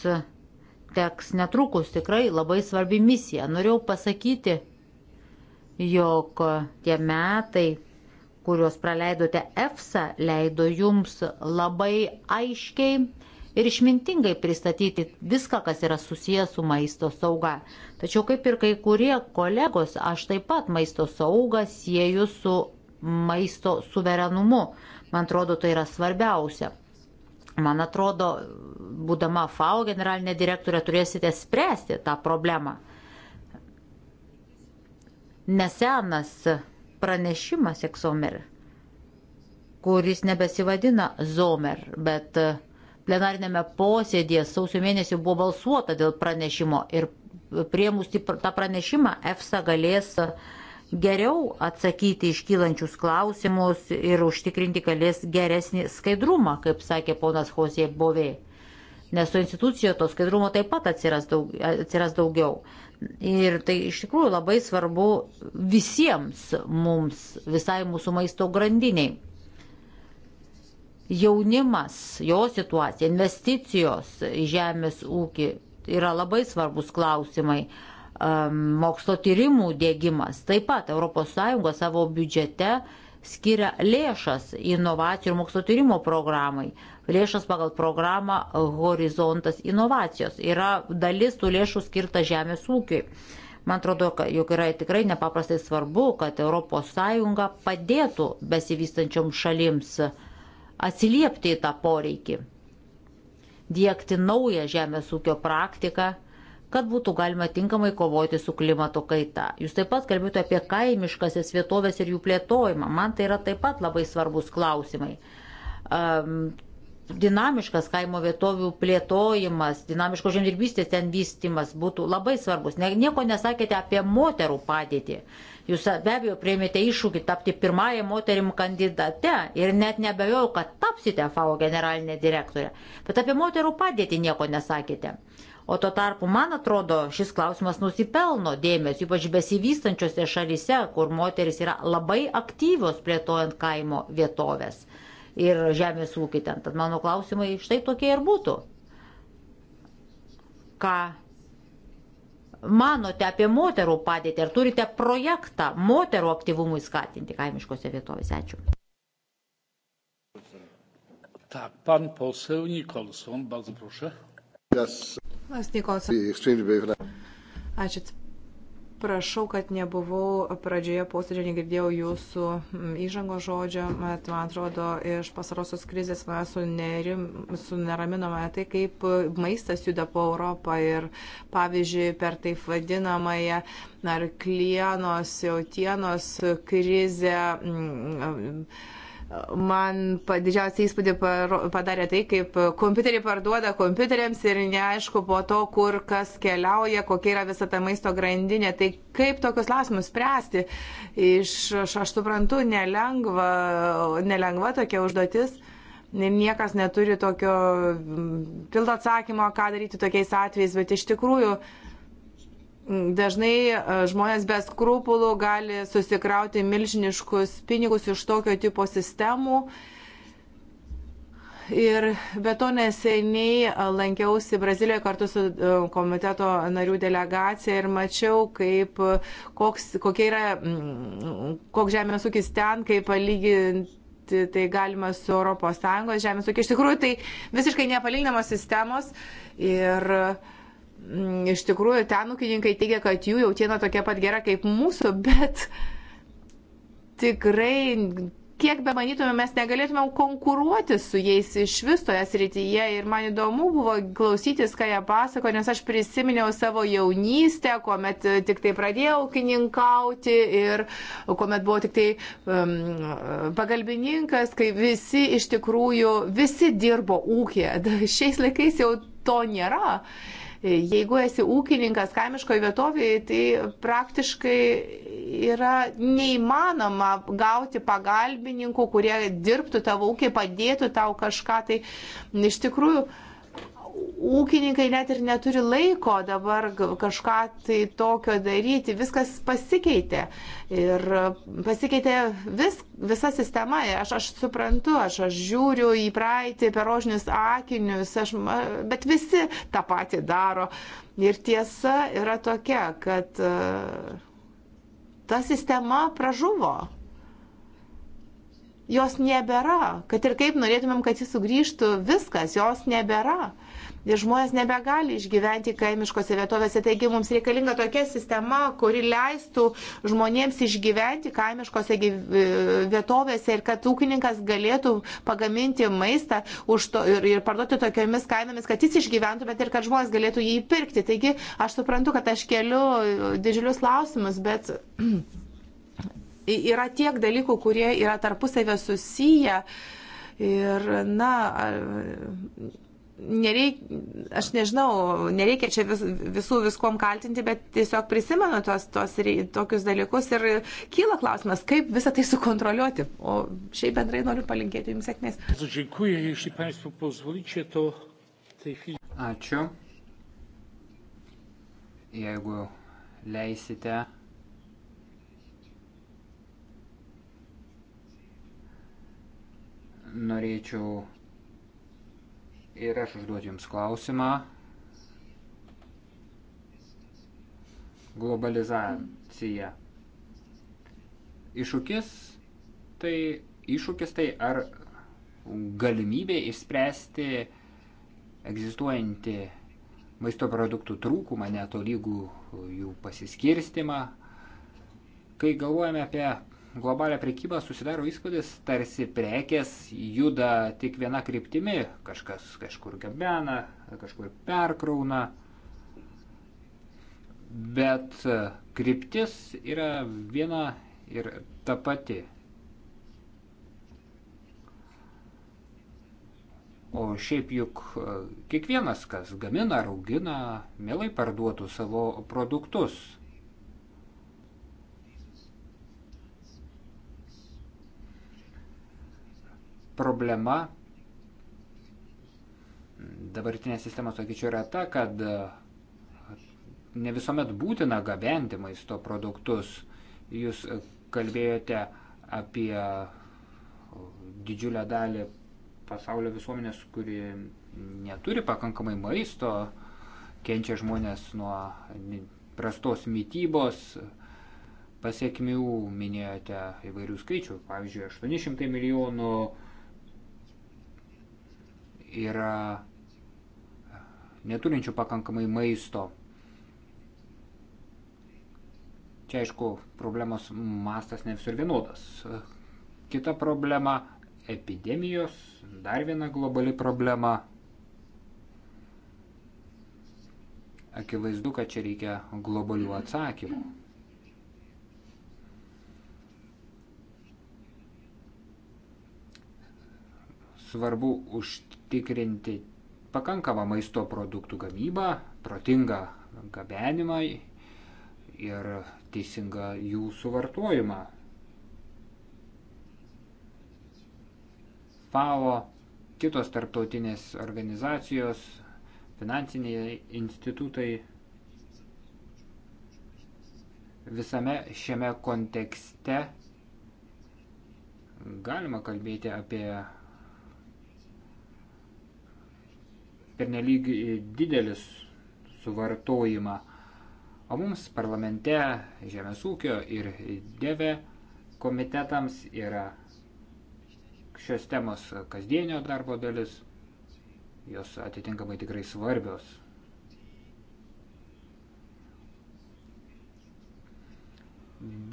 teks netrukus tikrai labai svarbi misija. Norėjau pasakyti, jog tie metai, kuriuos praleidote EFSA, leido jums labai aiškiai ir išmintingai pristatyti viską, kas yra susijęs su maisto sauga. Tačiau kaip ir kai kurie kolegos, aš taip pat maisto saugą sieju su maisto suverenumu. Man atrodo, tai yra svarbiausia. Man atrodo, būdama FAO generalinė direktorė, turėsite spręsti tą problemą. Nesenas pranešimas Eksomer, kuris nebesivadina Zomer, bet uh, plenarinėme posėdėje sausio mėnesį buvo balsuota dėl pranešimo ir priemus tą pranešimą EFSA galės geriau atsakyti iškylančius klausimus ir užtikrinti galės geresnį skaidrumą, kaip sakė ponas Hosė Bovė. Nes su institucijo to skaidrumo taip pat atsiras, daug, atsiras daugiau. Ir tai iš tikrųjų labai svarbu visiems mums, visai mūsų maisto grandiniai. Jaunimas, jo situacija, investicijos į žemės ūkį yra labai svarbus klausimai. Mokslo tyrimų dėgymas. Taip pat ES savo biudžete skiria lėšas inovacijų ir mokslo tyrimo programai. Lėšas pagal programą Horizontas inovacijos. Yra dalis tų lėšų skirta žemės ūkiui. Man atrodo, jog yra tikrai nepaprastai svarbu, kad ES padėtų besivystančiom šalims uh, atsiliepti į tą poreikį, diegti naują žemės ūkio praktiką, kad būtų galima tinkamai kovoti su klimato kaita. Jūs taip pat kalbėjote apie kaimiškasias vietovės ir jų plėtojimą. Man tai yra taip pat labai svarbus klausimai. Um, dinamiškas kaimo vietovių plėtojimas, dinamiškos žemdirbystės ten vystimas būtų labai svarbus. Nieko nesakėte apie moterų padėtį. Jūs be abejo prieimėte iššūkį tapti pirmąją moterim kandidate ir net nebejoju, kad tapsite FAO generalinė direktorė. Bet apie moterų padėtį nieko nesakėte. O tuo tarpu, man atrodo, šis klausimas nusipelno dėmesio, ypač besivystančiose šalyse, kur moteris yra labai aktyvios plėtojant kaimo vietovės ir žemės ūkį ten. Tad mano klausimai štai tokie ir būtų. Ką manote apie moterų padėtį? Ar turite projektą moterų aktyvumui skatinti kaimiškose vietovėse? Ačiū. Tak, pan poseł Nikolson, bardzo proszę. Yes. Ačiū Prašau, kad nebuvau pradžioje posėdžio, negirdėjau jūsų mm, įžango žodžio, bet man atrodo, iš pasarosios krizės mane sunerim, suneraminama tai, kaip maistas juda po Europą ir, pavyzdžiui, per taip vadinamąją arklienos, jautienos krizę. Mm, Man didžiausią įspūdį padarė tai, kaip kompiuterį parduoda kompiuteriams ir neaišku po to, kur kas keliauja, kokia yra visa ta maisto grandinė. Tai kaip tokius klausimus spręsti? Iš, aš, aš suprantu, nelengva, nelengva tokia užduotis. Ir niekas neturi tokio mm, pildo atsakymo, ką daryti tokiais atvejais, bet iš tikrųjų uh, Dažnai e, žmonės be skrupulų gali susikrauti milžiniškus pinigus iš tokio tipo sistemų. Ir be to neseniai e, lankiausi Brazilijoje kartu su e, komiteto narių delegacija ir mačiau, kaip, koks, kokie yra, mm, koks žemės ūkis ten, kaip palyginti tai galima su ES žemės ūkiu. Iš tikrųjų, tai visiškai nepalyginamos sistemos. Ir uh, Mm, iš tikrųjų ten ūkininkai teigia, kad jų jautiena tokia pat gera kaip mūsų, bet tikrai, kiek be manytume, mes negalėtume konkuruoti su jais iš vis toje srityje. Ir man įdomu buvo klausytis, ką jie pasako, nes aš prisiminiau savo jaunystę, kuomet e, tik tai pradėjau ūkininkauti ir kuomet buvau tik tai um, pagalbininkas, kai visi iš tikrųjų, visi dirbo ūkė. Šiais laikais jau to nėra. Jeigu esi ūkininkas kaimiškoje vietovėje, tai praktiškai yra neįmanoma gauti pagalbininkų, kurie dirbtų tavo ūkį, padėtų tau kažką. Tai iš tikrųjų ūkininkai net ir neturi laiko dabar kažką tai tokio daryti. Viskas pasikeitė. Ir pasikeitė vis, visa sistema. Aš, aš suprantu, aš, aš žiūriu į praeitį per rožinius akinius, aš, bet visi tą patį daro. Ir tiesa yra tokia, kad e, ta sistema pražuvo jos nebėra. Kad ir kaip norėtumėm, kad jis sugrįžtų, viskas, jos nebėra. Ir žmonės nebegali išgyventi kaimiškose vietovėse. Taigi mums reikalinga tokia sistema, kuri leistų žmonėms išgyventi kaimiškose e, vietovėse ir kad ūkininkas galėtų pagaminti maistą to, ir, ir parduoti tokiomis kainomis, kad jis išgyventų, bet ir kad žmonės galėtų jį įpirkti. Taigi aš suprantu, kad aš keliu e, didžiulius klausimus, bet yra tiek dalykų, kurie yra tarpusavė susiję. Ir, na, nereik, aš nežinau, nereikia čia vis, visų viskom kaltinti, bet tiesiog prisimenu tos, tos, tokius dalykus ir kyla klausimas, kaip visą tai sukontroliuoti. O šiaip bendrai noriu palinkėti Jums sėkmės. Ačiū. Jeigu leisite. Norėčiau ir aš užduodu Jums klausimą. Globalizacija. Iššūkis tai, iššūkis tai ar galimybė išspręsti egzistuojantį maisto produktų trūkumą, netolygų jų pasiskirstimą. Kai galvojame apie globalią prekybą, susidaro įspūdis, tarsi prekės juda tik viena kryptimi, kažkas kažkur gabena, kažkur perkrauna, bet e, kryptis yra viena ir ta pati. O šiaip juk e, kiekvienas, kas gamina ar augina, mielai parduotų savo produktus – problema dabartinės sistemos, sakyčiau, yra ta, kad e, ne visuomet būtina gabenti maisto produktus. Jūs kalbėjote apie didžiulę dalį pasaulio visuomenės, kuri neturi pakankamai maisto, kenčia žmonės nuo prastos mytybos pasiekmių, minėjote įvairių skaičių, pavyzdžiui, 800 milijonų yra e, neturinčių pakankamai maisto. Čia aišku, problemos mastas ne visur vienodas. Kita problema - epidemijos, dar viena globali problema. Akivaizdu, kad čia reikia globalių atsakymų. Svarbu užtikrinti užtikrinti pakankamą maisto produktų gamybą, protingą gabenimą ir teisingą jų suvartojimą. FAO, kitos tarptautinės organizacijos, finansiniai institutai visame šiame kontekste galima kalbėti apie pernelyg didelis suvartojimą. O mums parlamente Žemės ūkio ir Deve komitetams yra šios temos kasdienio darbo dalis, jos atitinkamai tikrai svarbios.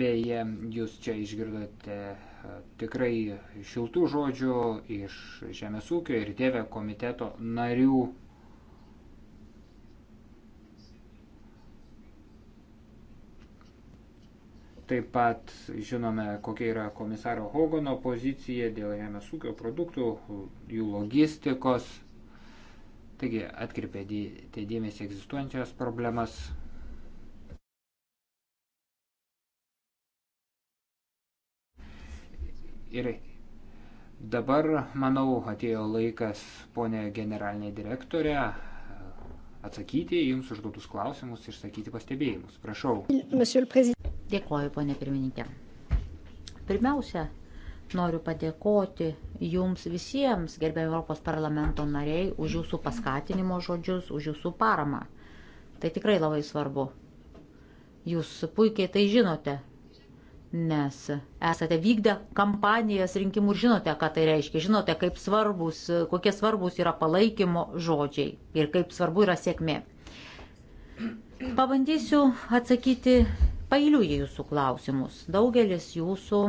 Beje, jūs čia išgirdote tikrai šiltų žodžių iš Žemės ūkio ir Tėvė komiteto narių. Taip pat žinome, kokia yra komisaro Hogono pozicija dėl žemės ūkio produktų, jų logistikos. Taigi atkreipė dėmesį egzistuojančias problemas, Ir dabar, manau, atėjo laikas, ponė generalinė direktorė, atsakyti į jums užduotus klausimus, išsakyti pastebėjimus. Prašau. Dėkuoju, ponė pirmininkė. Pirmiausia, noriu padėkoti jums visiems, gerbėjai Europos parlamento nariai, už jūsų paskatinimo žodžius, už jūsų paramą. Tai tikrai labai svarbu. Jūs puikiai tai žinote nes esate vykdę kampanijas rinkimų ir žinote, ką tai reiškia, žinote, kaip svarbus, kokie svarbus yra palaikymo žodžiai ir kaip svarbu yra sėkmė. Pabandysiu atsakyti pailiui jūsų klausimus. Daugelis jūsų,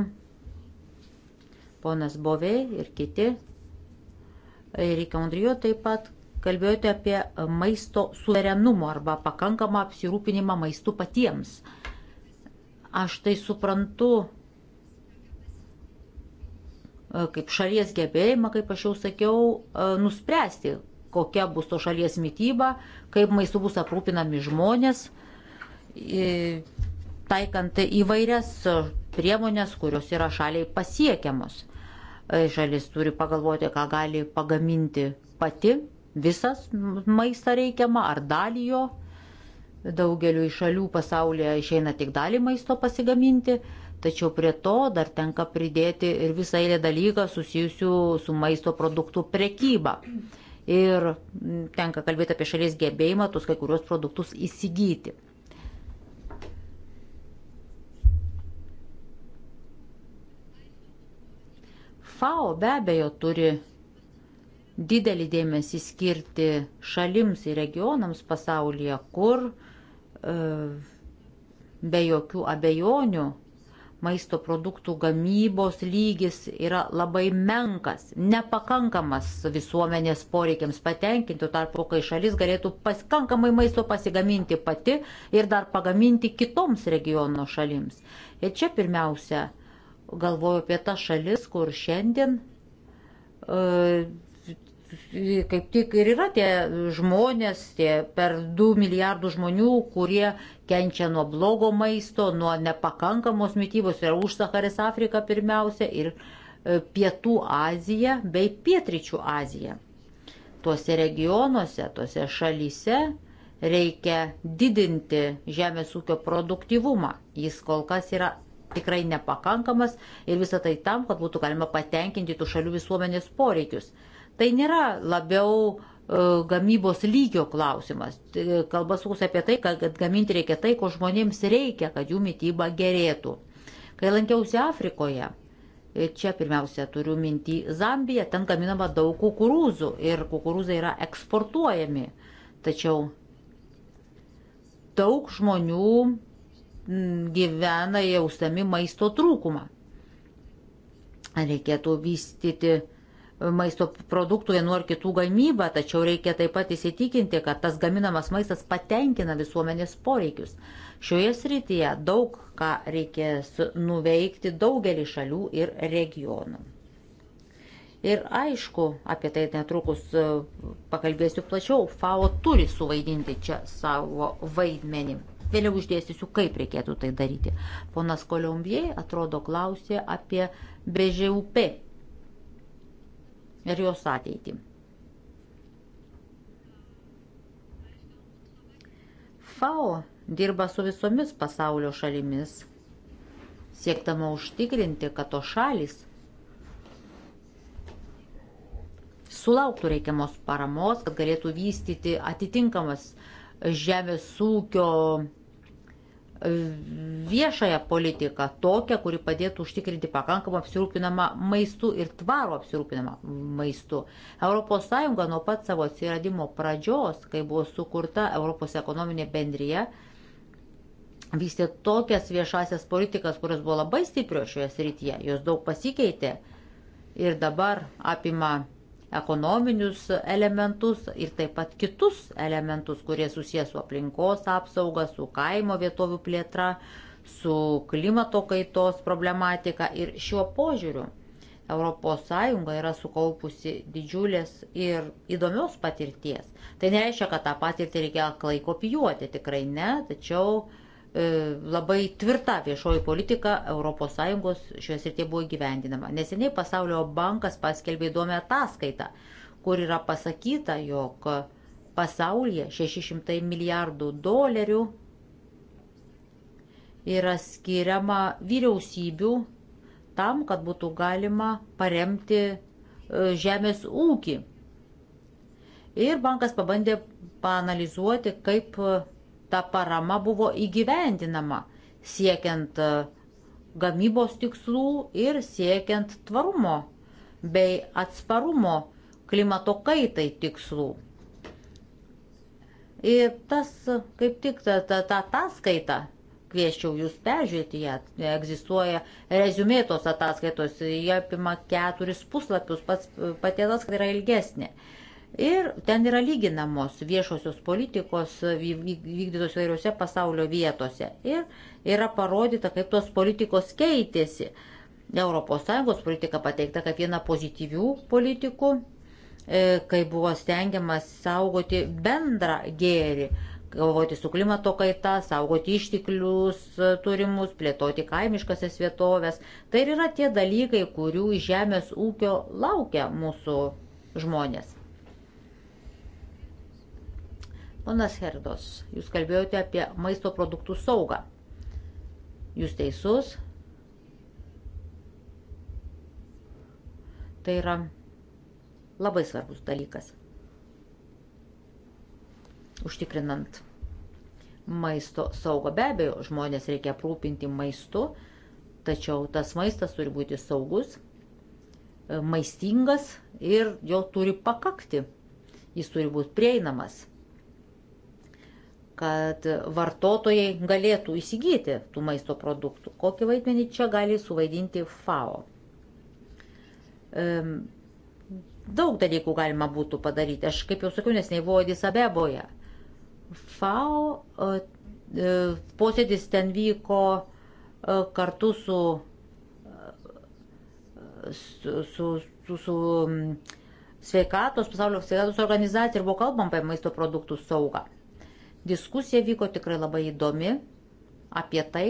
ponas Bovė ir kiti, Reikia Andrijo taip pat kalbėjote apie maisto suverenumo arba pakankamą apsirūpinimą maistu patiems. Uh, Aš tai suprantu e, kaip šalies gebėjimą, kaip aš jau sakiau, e, nuspręsti, kokia bus to šalies mytyba, kaip maistu bus aprūpinami žmonės, taikant įvairias priemonės, kurios yra šaliai pasiekiamos. E, šalis turi pagalvoti, ką gali pagaminti pati, visas maistą reikiamą ar dalį jo Daugeliu šalių pasaulyje išeina tik dalį maisto pasigaminti, tačiau prie to dar tenka pridėti ir visą eilę dalyką susijusių su maisto produktų prekyba. Ir tenka kalbėti apie šalies gebėjimą tuos kai kurios produktus įsigyti. FAO be abejo turi didelį dėmesį skirti šalims ir regionams pasaulyje, kur uh, E, be jokių abejonių maisto produktų gamybos lygis yra labai menkas, nepakankamas visuomenės poreikiams patenkinti, tarpu kai šalis galėtų pakankamai maisto pasigaminti pati ir dar pagaminti kitoms regiono šalims. Ir čia pirmiausia galvoju apie tas šalis, kur šiandien e, kaip tik ir yra tie žmonės, tie per 2 milijardų žmonių, kurie kenčia nuo blogo maisto, nuo nepakankamos mytybos, yra užsakarės Afrika pirmiausia ir e, Pietų Azija bei Pietričių Azija. Tuose regionuose, tuose šalyse reikia didinti žemės ūkio produktivumą. Jis kol kas yra tikrai nepakankamas ir visą tai tam, kad būtų galima patenkinti tų šalių visuomenės poreikius. Tai nėra labiau e, gamybos lygio klausimas. E, kalba sūs apie tai, kad gaminti reikia tai, ko žmonėms reikia, kad jų mytyba gerėtų. Kai lankiausi Afrikoje, e, čia pirmiausia turiu mintį Zambiją, ten gaminama daug kukurūzų ir kukurūzai yra eksportuojami. Tačiau daug žmonių gyvena jaustami maisto trūkumą. Reikėtų vystyti maisto produktų vienų ar kitų gamybą, tačiau reikia taip pat įsitikinti, kad tas gaminamas maistas patenkina visuomenės poreikius. Šioje srityje daug ką reikės nuveikti daugelį šalių ir regionų. Ir aišku, apie tai netrukus e, pakalbėsiu plačiau, FAO turi suvaidinti čia savo vaidmenį. Vėliau uždėstysiu, kaip reikėtų tai daryti. Ponas Kolumbijai atrodo klausė apie BŽUP ir jos ateitį. FAO dirba su visomis pasaulio šalimis, siektama užtikrinti, kad to šalis sulauktų reikiamos paramos, kad galėtų vystyti atitinkamas žemės ūkio viešąją politiką, tokią, kuri padėtų užtikrinti pakankamą apsirūpinamą maistų ir tvarų apsirūpinamą maistų. ES nuo pat savo atsiradimo pradžios, kai buvo sukurta Europos ekonominė bendryje, vystė tokias viešasias politikas, kurios buvo labai stiprios šioje srityje, jos daug pasikeitė ir dabar apima ekonominius elementus ir taip pat kitus elementus, kurie susijęs su aplinkos apsauga, su kaimo vietovių plėtra, su klimato kaitos problematika ir šiuo požiūriu. ES yra sukaupusi didžiulės ir įdomios patirties. Tai nereiškia, kad tą patirtį reikia klai kopijuoti, tikrai ne, tačiau uh, E, labai tvirta viešoji politika ES šioje srityje buvo įgyvendinama. Neseniai Pasaulio bankas paskelbė įdomią ataskaitą, kur yra pasakyta, jog pasaulyje 600 milijardų dolerių yra skiriama vyriausybių tam, kad būtų galima paremti e, žemės ūkį. Ir bankas pabandė paanalizuoti, kaip ta parama buvo įgyvendinama, siekiant e, gamybos tikslų ir siekiant tvarumo bei atsparumo klimato kaitai tikslų. Ir tas, kaip tik ta ataskaita, kvieščiau jūs peržiūrėti ją, egzistuoja rezumėtos ataskaitos, jie apima keturis puslapius, pats pati ataskaita yra ilgesnė. Uh, Ir ten yra lyginamos viešosios politikos vykdytos vairiose pasaulio vietose. Ir yra parodyta, kaip tos politikos keitėsi. ES politika pateikta kaip viena pozityvių politikų, e, kai buvo stengiamas saugoti bendrą gėrį, kovoti su klimato kaita, saugoti išteklius e, turimus, plėtoti kaimiškasias vietovės. Tai yra tie dalykai, kurių iš žemės ūkio laukia mūsų žmonės. Ponas Herdos, jūs kalbėjote apie maisto produktų saugą. Jūs teisus. Tai yra labai svarbus dalykas. Užtikrinant maisto saugo. Be abejo, žmonės reikia aprūpinti maistu, tačiau tas maistas turi būti saugus, maistingas ir jo turi pakakti. Jis turi būti prieinamas kad vartotojai galėtų įsigyti tų maisto produktų. Kokį vaidmenį čia gali suvaidinti FAO? Daug dalykų galima būtų padaryti. Aš, kaip jau sakiau, nesnei buvau Disabeboje. FAO e, e, posėdis ten vyko e, kartu su, su, su, su, su sveikatos, pasaulio sveikatos organizacija ir buvo kalbam apie maisto produktų saugą. Diskusija vyko tikrai labai įdomi apie tai,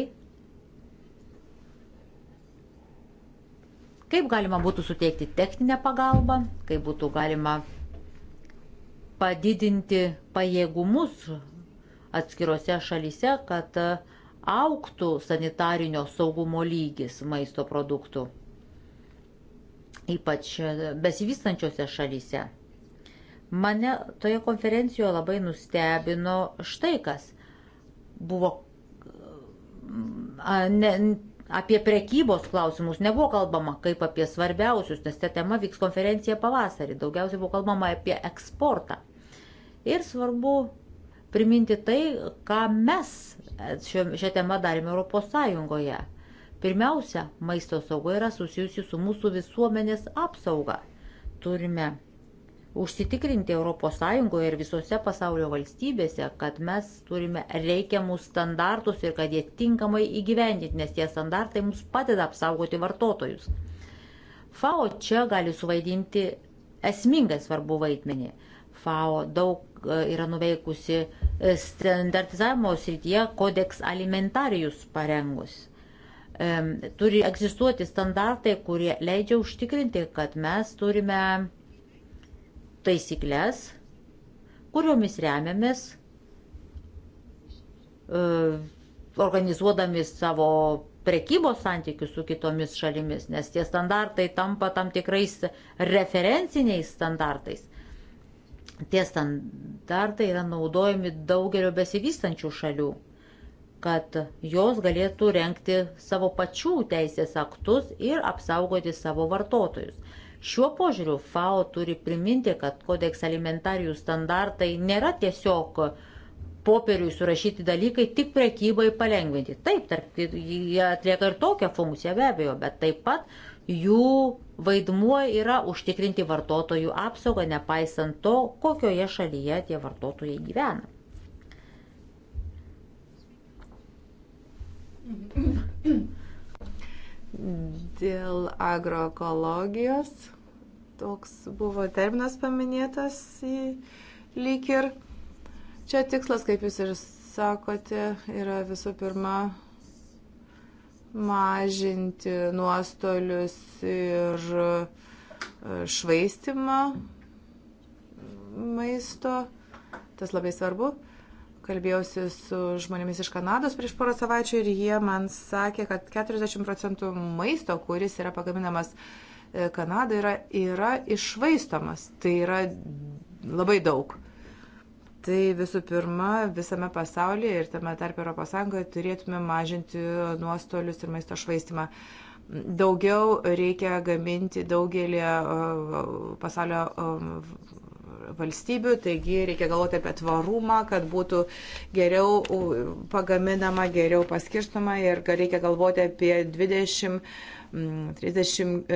kaip galima būtų suteikti techninę pagalbą, kaip būtų galima padidinti pajėgumus atskirose šalyse, kad auktų sanitarinio saugumo lygis maisto produktų, ypač besivystančiose šalyse. Mane toje konferencijoje labai nustebino štai kas. Buvo a, ne, apie prekybos klausimus nebuvo kalbama kaip apie svarbiausius, nes ta tema vyks konferencija pavasarį. Daugiausiai buvo kalbama apie eksportą. Ir svarbu priminti tai, ką mes šią temą darėme Europos Sąjungoje. Pirmiausia, maisto sauga yra susijusi su mūsų visuomenės apsauga. Turime užsitikrinti ES ir visose pasaulio valstybėse, kad mes turime reikiamus standartus ir kad jie tinkamai įgyvendinti, nes tie standartai mums padeda apsaugoti vartotojus. FAO čia gali suvaidinti esmingai svarbu vaidmenį. FAO daug e, yra nuveikusi e, standartizavimo srityje kodeks alimentarius parengus. Turi egzistuoti standartai, kurie leidžia užtikrinti, kad mes turime taisyklės, kuriomis remiamės e, organizuodami savo prekybos santykius su kitomis šalimis, nes tie standartai tampa tam tikrais referenciniais standartais. Tie standartai yra naudojami daugelio besivystančių šalių, kad jos galėtų renkti savo pačių teisės aktus ir apsaugoti savo vartotojus. Šiuo požiūriu FAO turi priminti, kad kodeks alimentarijų standartai nėra tiesiog popieriui surašyti dalykai tik prekybai palengvinti. Taip, tarp, jie atlieka ir tokią funkciją be abejo, bet taip pat jų vaidmuo yra užtikrinti vartotojų apsaugą, nepaisant to, kokioje šalyje tie vartotojai gyvena. Dėl agroekologijos toks buvo terminas paminėtas į lyg ir. Čia tikslas, kaip jūs ir sakote, yra visų pirma mažinti nuostolius ir e, švaistimą maisto. Tas labai svarbu kalbėjausi su žmonėmis iš Kanados prieš porą savaičių ir jie man sakė, kad 40 procentų maisto, kuris yra pagaminamas e, Kanadoje, yra, yra išvaistomas. Tai yra labai daug. Tai visų pirma, visame pasaulyje ir tame tarp Europos Sąjungoje turėtume mažinti nuostolius ir maisto švaistimą. Daugiau reikia gaminti daugelį e, pasaulio e, valstybių, taigi reikia galvoti apie tvarumą, kad būtų geriau pagaminama, geriau paskirstoma ir reikia galvoti apie 20, 30.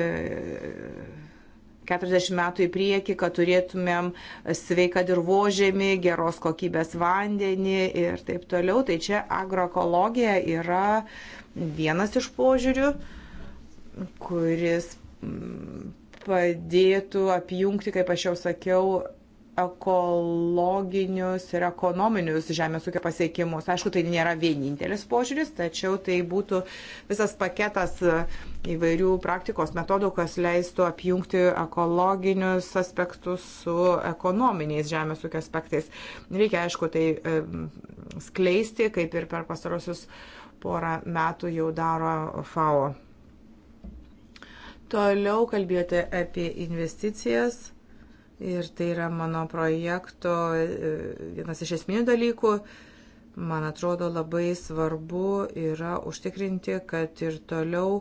40 metų į priekį, kad turėtumėm sveiką dirbožėmį, geros kokybės vandenį ir taip toliau. Tai čia agroekologija yra vienas iš požiūrių, kuris mm, padėtų apjungti, kaip aš jau sakiau, ekologinius ir ekonominius žemės ūkio pasiekimus. Aišku, tai nėra vienintelis požiūris, tačiau tai būtų visas paketas įvairių praktikos metodų, kas leistų apjungti ekologinius aspektus su ekonominiais žemės ūkio aspektais. Reikia, aišku, tai skleisti, kaip ir per pastarosius porą metų jau daro FAO. Toliau kalbėjote apie investicijas ir tai yra mano projekto e, vienas iš esminių dalykų. Man atrodo labai svarbu yra užtikrinti, kad ir toliau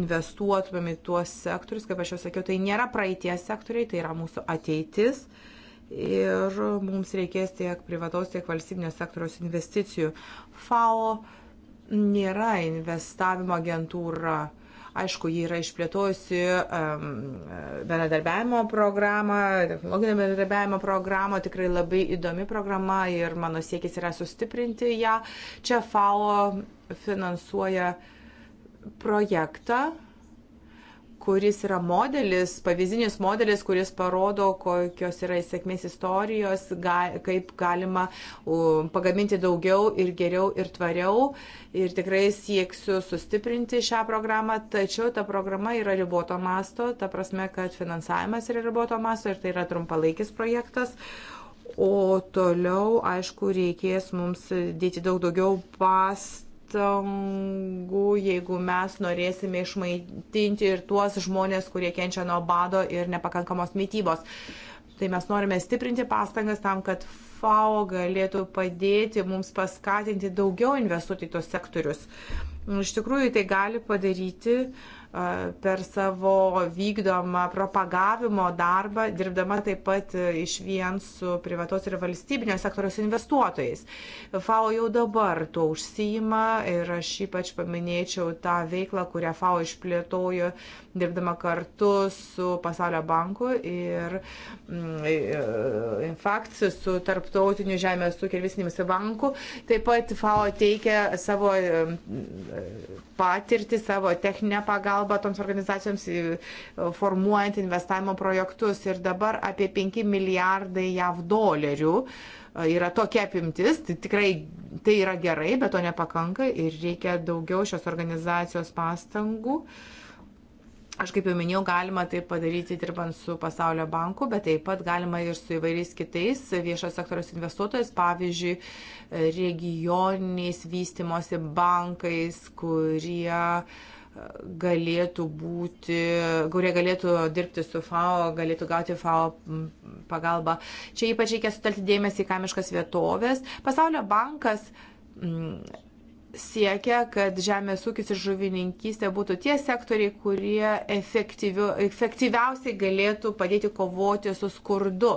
investuotumėm į tuos sektorius, kaip aš jau sakiau, tai nėra praeities sektoriai, tai yra mūsų ateitis ir mums reikės tiek privataus, tiek valstybinio sektoriaus investicijų. FAO nėra investavimo agentūra. Uh, Aišku, ji yra išplėtojusi um, bendradarbiavimo programą, technologinio bendradarbiavimo programą, tikrai labai įdomi programa ir mano siekis yra sustiprinti ją. Čia FAO finansuoja projektą kuris yra modelis, pavyzdinis modelis, kuris parodo, kokios yra sėkmės istorijos, ga, kaip galima um, pagaminti daugiau ir geriau ir tvariau. Ir tikrai sieksiu sustiprinti šią programą, tačiau ta programa yra riboto masto, ta prasme, kad finansavimas yra riboto masto ir tai yra trumpalaikis projektas. O toliau, aišku, reikės mums dėti daug daugiau pastangų pastangų, jeigu mes norėsime išmaitinti ir tuos žmonės, kurie kenčia nuo bado ir nepakankamos mytybos. Tai mes norime stiprinti pastangas tam, kad FAO galėtų padėti mums paskatinti daugiau investuoti į tos sektorius. Iš tikrųjų, tai gali padaryti uh, per savo vykdomą propagavimo darbą, dirbdama taip pat e, iš vien su privatos ir valstybinio sektoriaus investuotojais. FAO jau dabar tuo užsijima ir aš ypač paminėčiau tą veiklą, kurią FAO išplėtojo dirbdama kartu su Pasaulio banku ir mm, e, infakt su Tarptautiniu žemės ūkio ir visinimis banku. Taip pat FAO teikia savo e, patirtį, savo techninę pagalbą toms organizacijoms formuojant investavimo projektus. Ir dabar apie 5 milijardai JAV dolerių e, yra tokia apimtis, tai tikrai tai yra gerai, bet to nepakanka ir reikia daugiau šios organizacijos pastangų. Uh, Aš kaip jau minėjau, galima tai padaryti dirbant su pasaulio banku, bet taip pat galima ir su įvairiais kitais viešo sektoriaus investuotojais, pavyzdžiui, regioniniais vystimosi bankais, kurie e, galėtų būti, kurie galėtų dirbti su FAO, galėtų gauti FAO pagalbą. Čia ypač reikia sutelkti dėmesį į kamiškas vietovės. Pasaulio bankas siekia, kad žemės ūkis ir žuvininkystė būtų tie sektoriai, kurie efektyviausiai galėtų padėti kovoti su skurdu.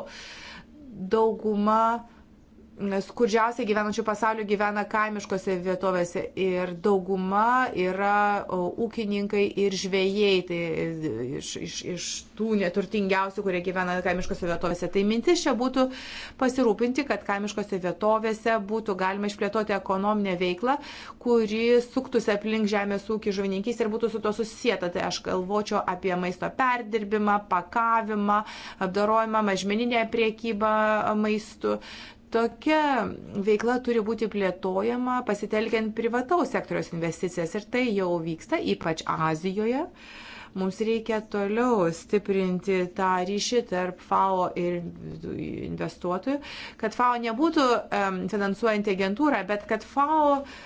Dauguma skurdžiausiai gyvenančių pasaulio gyvena kaimiškose vietovėse ir dauguma yra ūkininkai ir žvėjai tai iš, iš, iš tų neturtingiausių, kurie gyvena kaimiškose vietovėse. Tai mintis čia būtų pasirūpinti, kad kaimiškose vietovėse būtų galima išplėtoti ekonominę veiklą, kuri suktųsi aplink žemės ūkį žuvininkys ir būtų su to susijęta. Tai aš galvočiau apie maisto perdirbimą, pakavimą, apdarojimą, mažmeninę priekybą maistu. Tokia veikla turi būti plėtojama pasitelkiant privataus sektoriaus investicijas ir tai jau vyksta, ypač Azijoje. Mums reikia toliau stiprinti tą ryšį tarp FAO ir investuotojų, kad FAO nebūtų um, finansuojanti agentūra, bet kad FAO uh,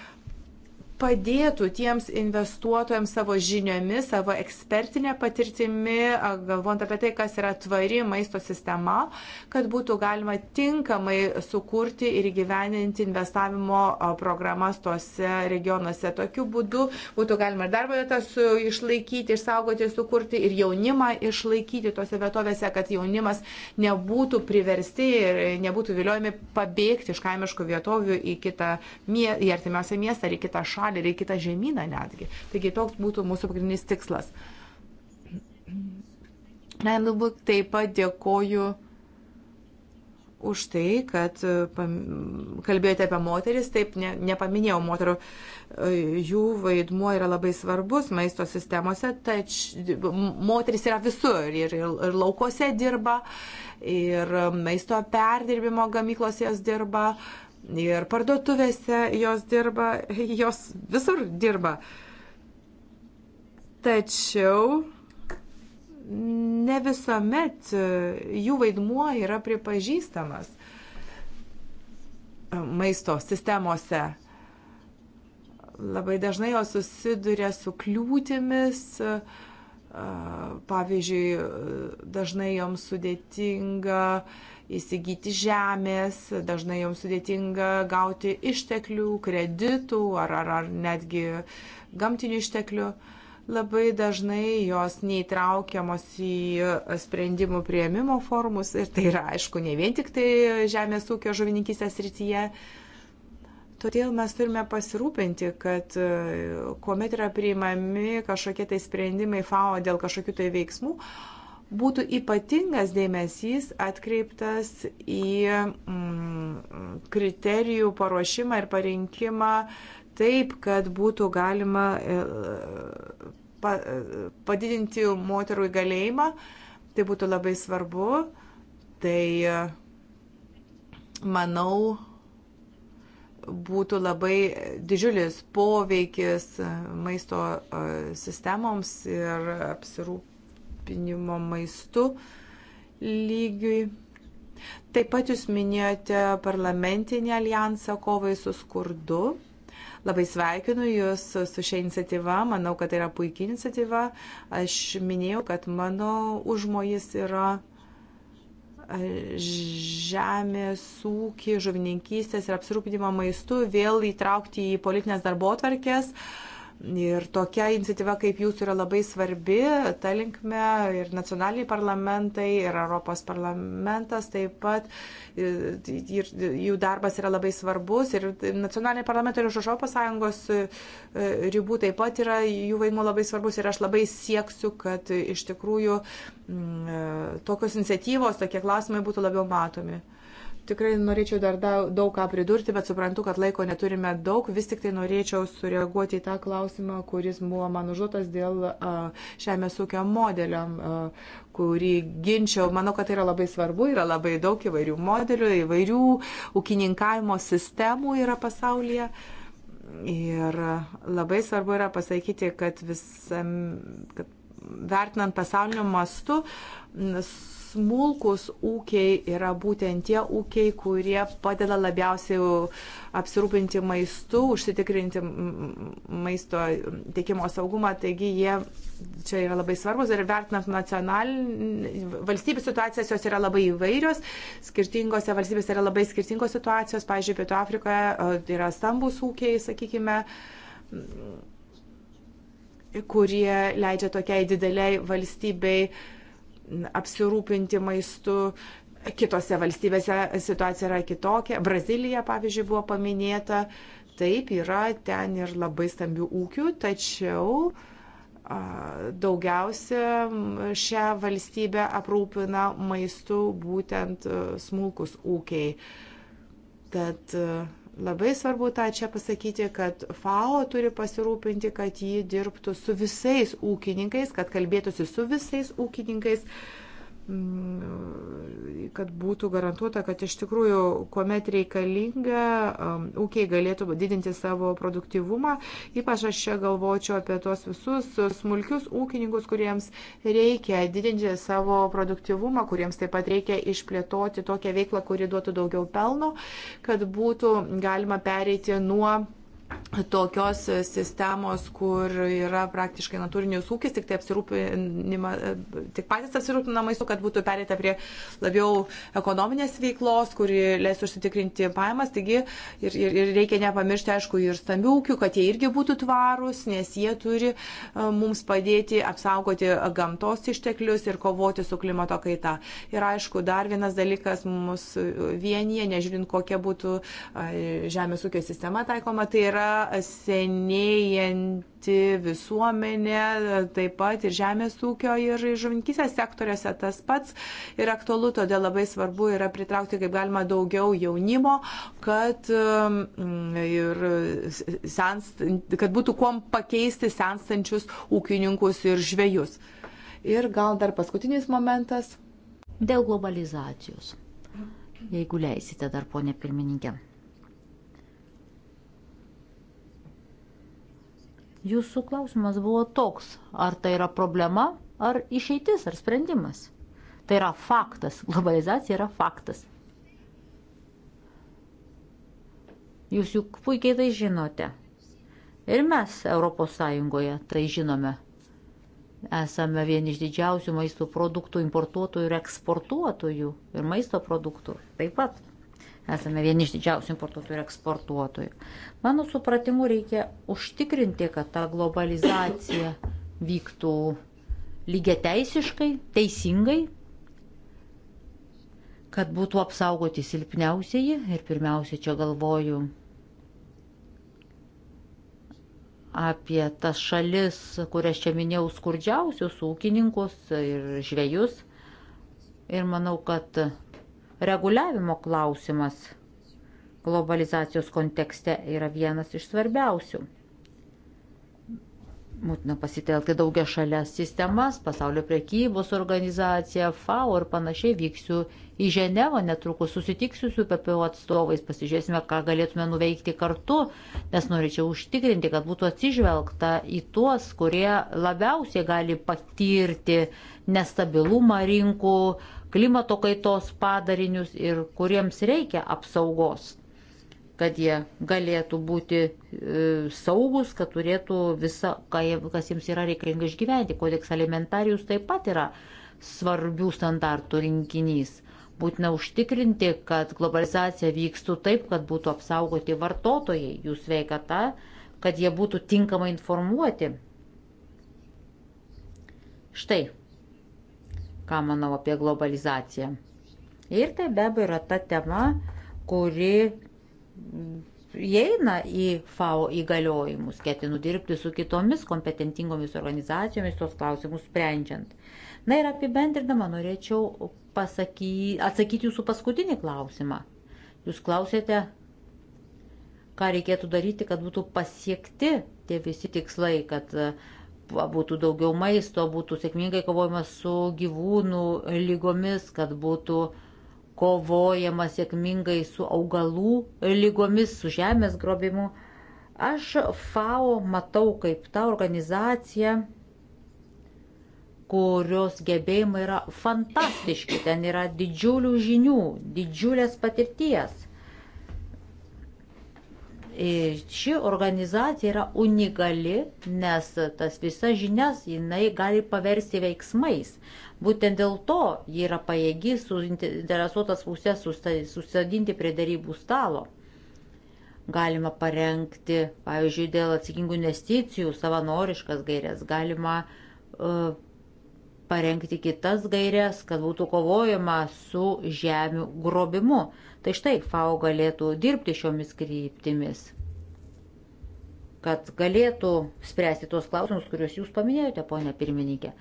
padėtų tiems investuotojams savo žiniomis, savo ekspertinė patirtimi, galvojant apie tai, kas yra tvari maisto sistema, kad būtų galima tinkamai sukurti ir gyveninti investavimo programas tose regionuose. Tokiu būdu būtų galima ir darbo vietas išlaikyti, išsaugoti, sukurti ir jaunimą išlaikyti tose vietovėse, kad jaunimas nebūtų priversti ir nebūtų viliojami pabėgti iš kaimiškų vietovių į kitą, į artimiausią miestą ar į kitą šalį šalį ir į kitą žemyną netgi. Taigi toks būtų mūsų pagrindinis tikslas. Randalbuk taip pat dėkoju už tai, kad kalbėjote apie moteris, taip ne, nepaminėjau moterų, jų vaidmuo yra labai svarbus maisto sistemose, tačiau moteris yra visur ir, ir, ir laukose dirba, ir maisto perdirbimo gamyklos jas dirba, ir parduotuvėse jos dirba, jos visur dirba. Tačiau ne visuomet e, jų vaidmuo yra pripažįstamas e, maisto sistemose. Labai dažnai jos susiduria su kliūtimis, e, pavyzdžiui, dažnai joms sudėtinga uh, įsigyti žemės, dažnai joms sudėtinga gauti išteklių, kreditų ar, ar, ar netgi gamtinių išteklių. Labai dažnai jos neįtraukiamos į sprendimų prieimimo formus ir tai yra, aišku, ne vien tik tai žemės ūkio žuvininkysės rytyje. Todėl mes turime pasirūpinti, kad e, kuomet yra priimami kažkokie tai sprendimai FAO dėl kažkokių tai veiksmų, uh, būtų ypatingas dėmesys atkreiptas į mm, kriterijų paruošimą ir parinkimą taip, kad būtų galima e, pa, e, padidinti moterų įgalėjimą. Tai būtų labai svarbu. Tai e, manau, būtų labai didžiulis poveikis maisto sistemoms ir apsirūp apsirūpinimo maistu lygiui. Taip pat jūs minėjote parlamentinį alijansą kovai su skurdu. Labai sveikinu Jūs su šia iniciatyva, manau, kad tai yra puikia iniciatyva. Aš minėjau, kad mano užmojas yra žemės ūkį, žuvininkystės ir apsirūpinimą maistu vėl įtraukti į politinės darbo atvarkės. Uh, Ir tokia iniciatyva kaip jūsų yra labai svarbi, ta linkme ir nacionaliniai parlamentai, ir Europos parlamentas taip pat, ir jų darbas yra labai svarbus, ir nacionaliniai parlamentai ir už Europos Sąjungos e, ribų taip pat yra jų vaidmo labai svarbus, ir aš labai sieksiu, kad iš tikrųjų e, tokios iniciatyvos, tokie klausimai būtų labiau matomi. Tikrai norėčiau dar daug ką pridurti, bet suprantu, kad laiko neturime daug. Vis tik tai norėčiau sureaguoti į tą klausimą, kuris buvo man užduotas dėl žemės ūkio modelio, kurį ginčiau. Manau, kad tai yra labai svarbu, yra labai daug įvairių modelių, įvairių ūkininkavimo sistemų yra pasaulyje. Ir labai svarbu yra pasakyti, kad visam, kad vertinant pasaulio mastu, smulkus ūkiai yra būtent tie ūkiai, kurie padeda labiausiai apsirūpinti maistu, užsitikrinti maisto tiekimo saugumą. Taigi jie čia yra labai svarbus ir vertinant nacionalinį valstybių situacijas, jos yra labai įvairios. Skirtingose valstybėse yra labai skirtingos situacijos. Pavyzdžiui, Pietų Afrikoje yra stambus ūkiai, sakykime kurie leidžia tokiai dideliai valstybei apsirūpinti maistu. Kitose valstybėse situacija yra kitokia. Brazilija, pavyzdžiui, buvo paminėta. Taip, yra ten ir labai stambių ūkių, tačiau daugiausia šią valstybę aprūpina maistu būtent smulkus ūkiai. Tad uh, Labai svarbu tą čia pasakyti, kad FAO turi pasirūpinti, kad ji dirbtų su visais ūkininkais, kad kalbėtųsi su visais ūkininkais. Uh, Mm, kad būtų garantuota, kad iš tikrųjų, kuomet reikalinga, um, ūkiai galėtų didinti savo produktivumą. Ypač aš čia galvočiau apie tos visus smulkius ūkininkus, kuriems reikia didinti savo produktivumą, kuriems taip pat reikia išplėtoti tokią veiklą, kuri duotų daugiau pelno, kad būtų galima pereiti nuo tokios sistemos, kur yra praktiškai natūrinis ūkis, tik, tai tik patys apsirūpina maistu, kad būtų perėta prie labiau ekonominės veiklos, kuri leis užsitikrinti pajamas. Taigi ir, ir, ir reikia nepamiršti, aišku, ir stambių ūkių, kad jie irgi būtų tvarūs, nes jie turi e, mums padėti apsaugoti gamtos išteklius ir kovoti su klimato kaita. Ir aišku, dar vienas dalykas mus vienyje, nežiūrint, kokia būtų e, žemės ūkio sistema taikoma, tai yra yra senėjanti visuomenė, taip pat ir žemės ūkio ir žuvinkysės sektoriuose tas pats yra aktualu, todėl labai svarbu yra pritraukti kaip galima daugiau jaunimo, kad, um, ir, sens, kad būtų kuom pakeisti senstančius ūkininkus ir žvėjus. Ir gal dar paskutinis momentas. Dėl globalizacijos. Jeigu leisite dar, ponė pirmininkė. Jūsų klausimas buvo toks, ar tai yra problema, ar išeitis, ar sprendimas. Tai yra faktas, globalizacija yra faktas. Jūs juk puikiai tai žinote. Ir mes ES tai žinome. Esame vieni iš didžiausių maisto produktų importuotojų ir eksportuotojų ir maisto produktų taip pat. Esame vieni iš didžiausių importuotojų ir eksportuotojų. Mano supratimu, reikia užtikrinti, kad ta globalizacija vyktų lygiai teisiškai, teisingai, kad būtų apsaugoti silpniausieji ir pirmiausia čia galvoju apie tas šalis, kurias čia minėjau, skurdžiausius ūkininkus ir žvėjus. Ir manau, kad Reguliavimo klausimas globalizacijos kontekste yra vienas iš svarbiausių. Būtina pasitelkti daugia šalias sistemas, pasaulio priekybos organizaciją, FAO ir panašiai vyksiu į Ženevą, netrukus susitiksiu su PPO atstovais, pasižiūrėsime, ką galėtume nuveikti kartu, nes norėčiau užtikrinti, kad būtų atsižvelgta į tuos, kurie labiausiai gali patirti nestabilumą rinkų, klimato kaitos padarinius ir kuriems reikia apsaugos, kad jie galėtų būti e, saugus, kad turėtų visą, kas jiems yra reikalinga išgyventi. Kodeks alimentarius taip pat yra svarbių standartų rinkinys. Būtina užtikrinti, kad globalizacija vykstų taip, kad būtų apsaugoti vartotojai, jų sveikata, kad jie būtų tinkamai informuoti. Štai ką manau apie globalizaciją. Ir tai be abejo yra ta tema, kuri įeina į FAO įgaliojimus, ketinu dirbti su kitomis kompetentingomis organizacijomis tos klausimus sprendžiant. Na ir apibendrinama norėčiau pasaky, atsakyti jūsų paskutinį klausimą. Jūs klausėte, ką reikėtų daryti, kad būtų pasiekti tie visi tikslai, kad uh, būtų daugiau maisto, būtų sėkmingai kovojama su gyvūnų lygomis, kad būtų kovojama sėkmingai su augalų lygomis, su žemės grobimu. Aš FAO matau kaip tą organizaciją, kurios gebėjimai yra fantastiški, ten yra didžiulių žinių, didžiulės patirties. Ši organizacija yra unikali, nes tas visas žinias jinai gali paversti veiksmais. Būtent dėl to ji yra pajėgi suinteresuotas pusės susadinti prie darybų stalo. Galima parengti, pavyzdžiui, dėl atsakingų investicijų savanoriškas gairias, galima uh, parengti kitas gairias, kad būtų kovojama su žemių grobimu. Tai štai FAO galėtų dirbti šiomis kryptimis, kad galėtų spręsti tuos klausimus, kuriuos jūs paminėjote, ponė pirmininkė.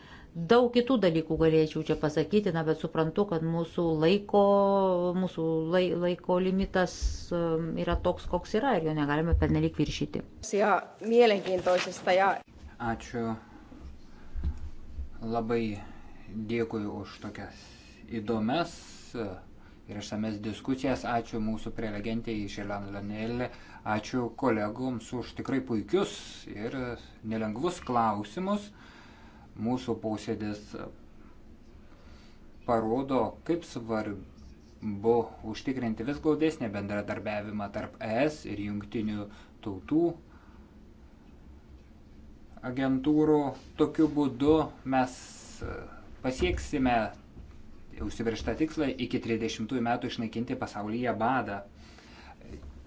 Daug kitų dalykų galėčiau čia pasakyti, na, bet suprantu, kad mūsų laiko, mūsų lai, laiko limitas um, yra toks, koks yra ir jo negalime pernelyg viršyti. Ačiū Labai dėkui už tokias įdomias ir išsames diskusijas. Ačiū mūsų prelegentėjai Šelan Lanelė. Ačiū kolegoms už tikrai puikius ir nelengvus klausimus. Mūsų posėdis parodo, kaip svarbu užtikrinti vis glaudesnį bendradarbiavimą tarp ES ir jungtinių tautų agentūrų. Tokiu būdu mes e, pasieksime užsibrieštą tikslą iki 30 metų išnaikinti pasaulyje badą.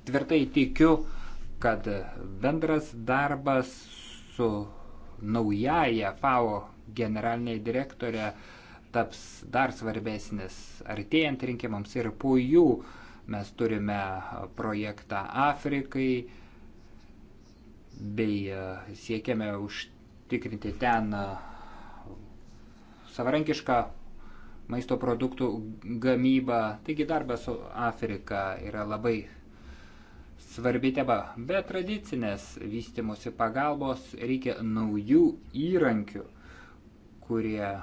Tvirtai tikiu, kad bendras darbas su naujaja FAO generalinė direktorė taps dar svarbesnis artėjant rinkimams ir po jų mes turime projektą Afrikai, bei e, siekiame užtikrinti ten e, savarankišką maisto produktų gamybą. Taigi darbas su Afrika yra labai svarbi tema. Be tradicinės vystimosi pagalbos reikia naujų įrankių, kurie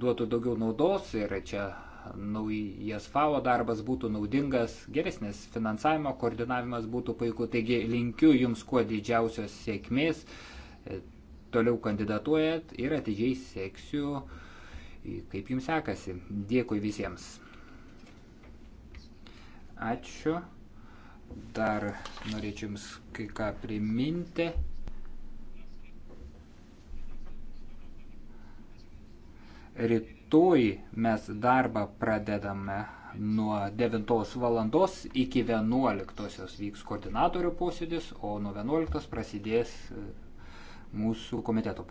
duotų daugiau naudos ir čia naujas FAO darbas būtų naudingas, geresnis finansavimo koordinavimas būtų puiku. Taigi linkiu Jums kuo didžiausios sėkmės, e, toliau kandidatuojat ir atidžiai seksiu, e, kaip Jums sekasi. Dėkui visiems. Ačiū. Dar norėčiau Jums kai ką priminti. Rytoj rytoj mes darbą pradedame nuo 9 valandos iki 11 vyks koordinatorių posėdis, o nuo 11 prasidės e, mūsų komiteto posėdis.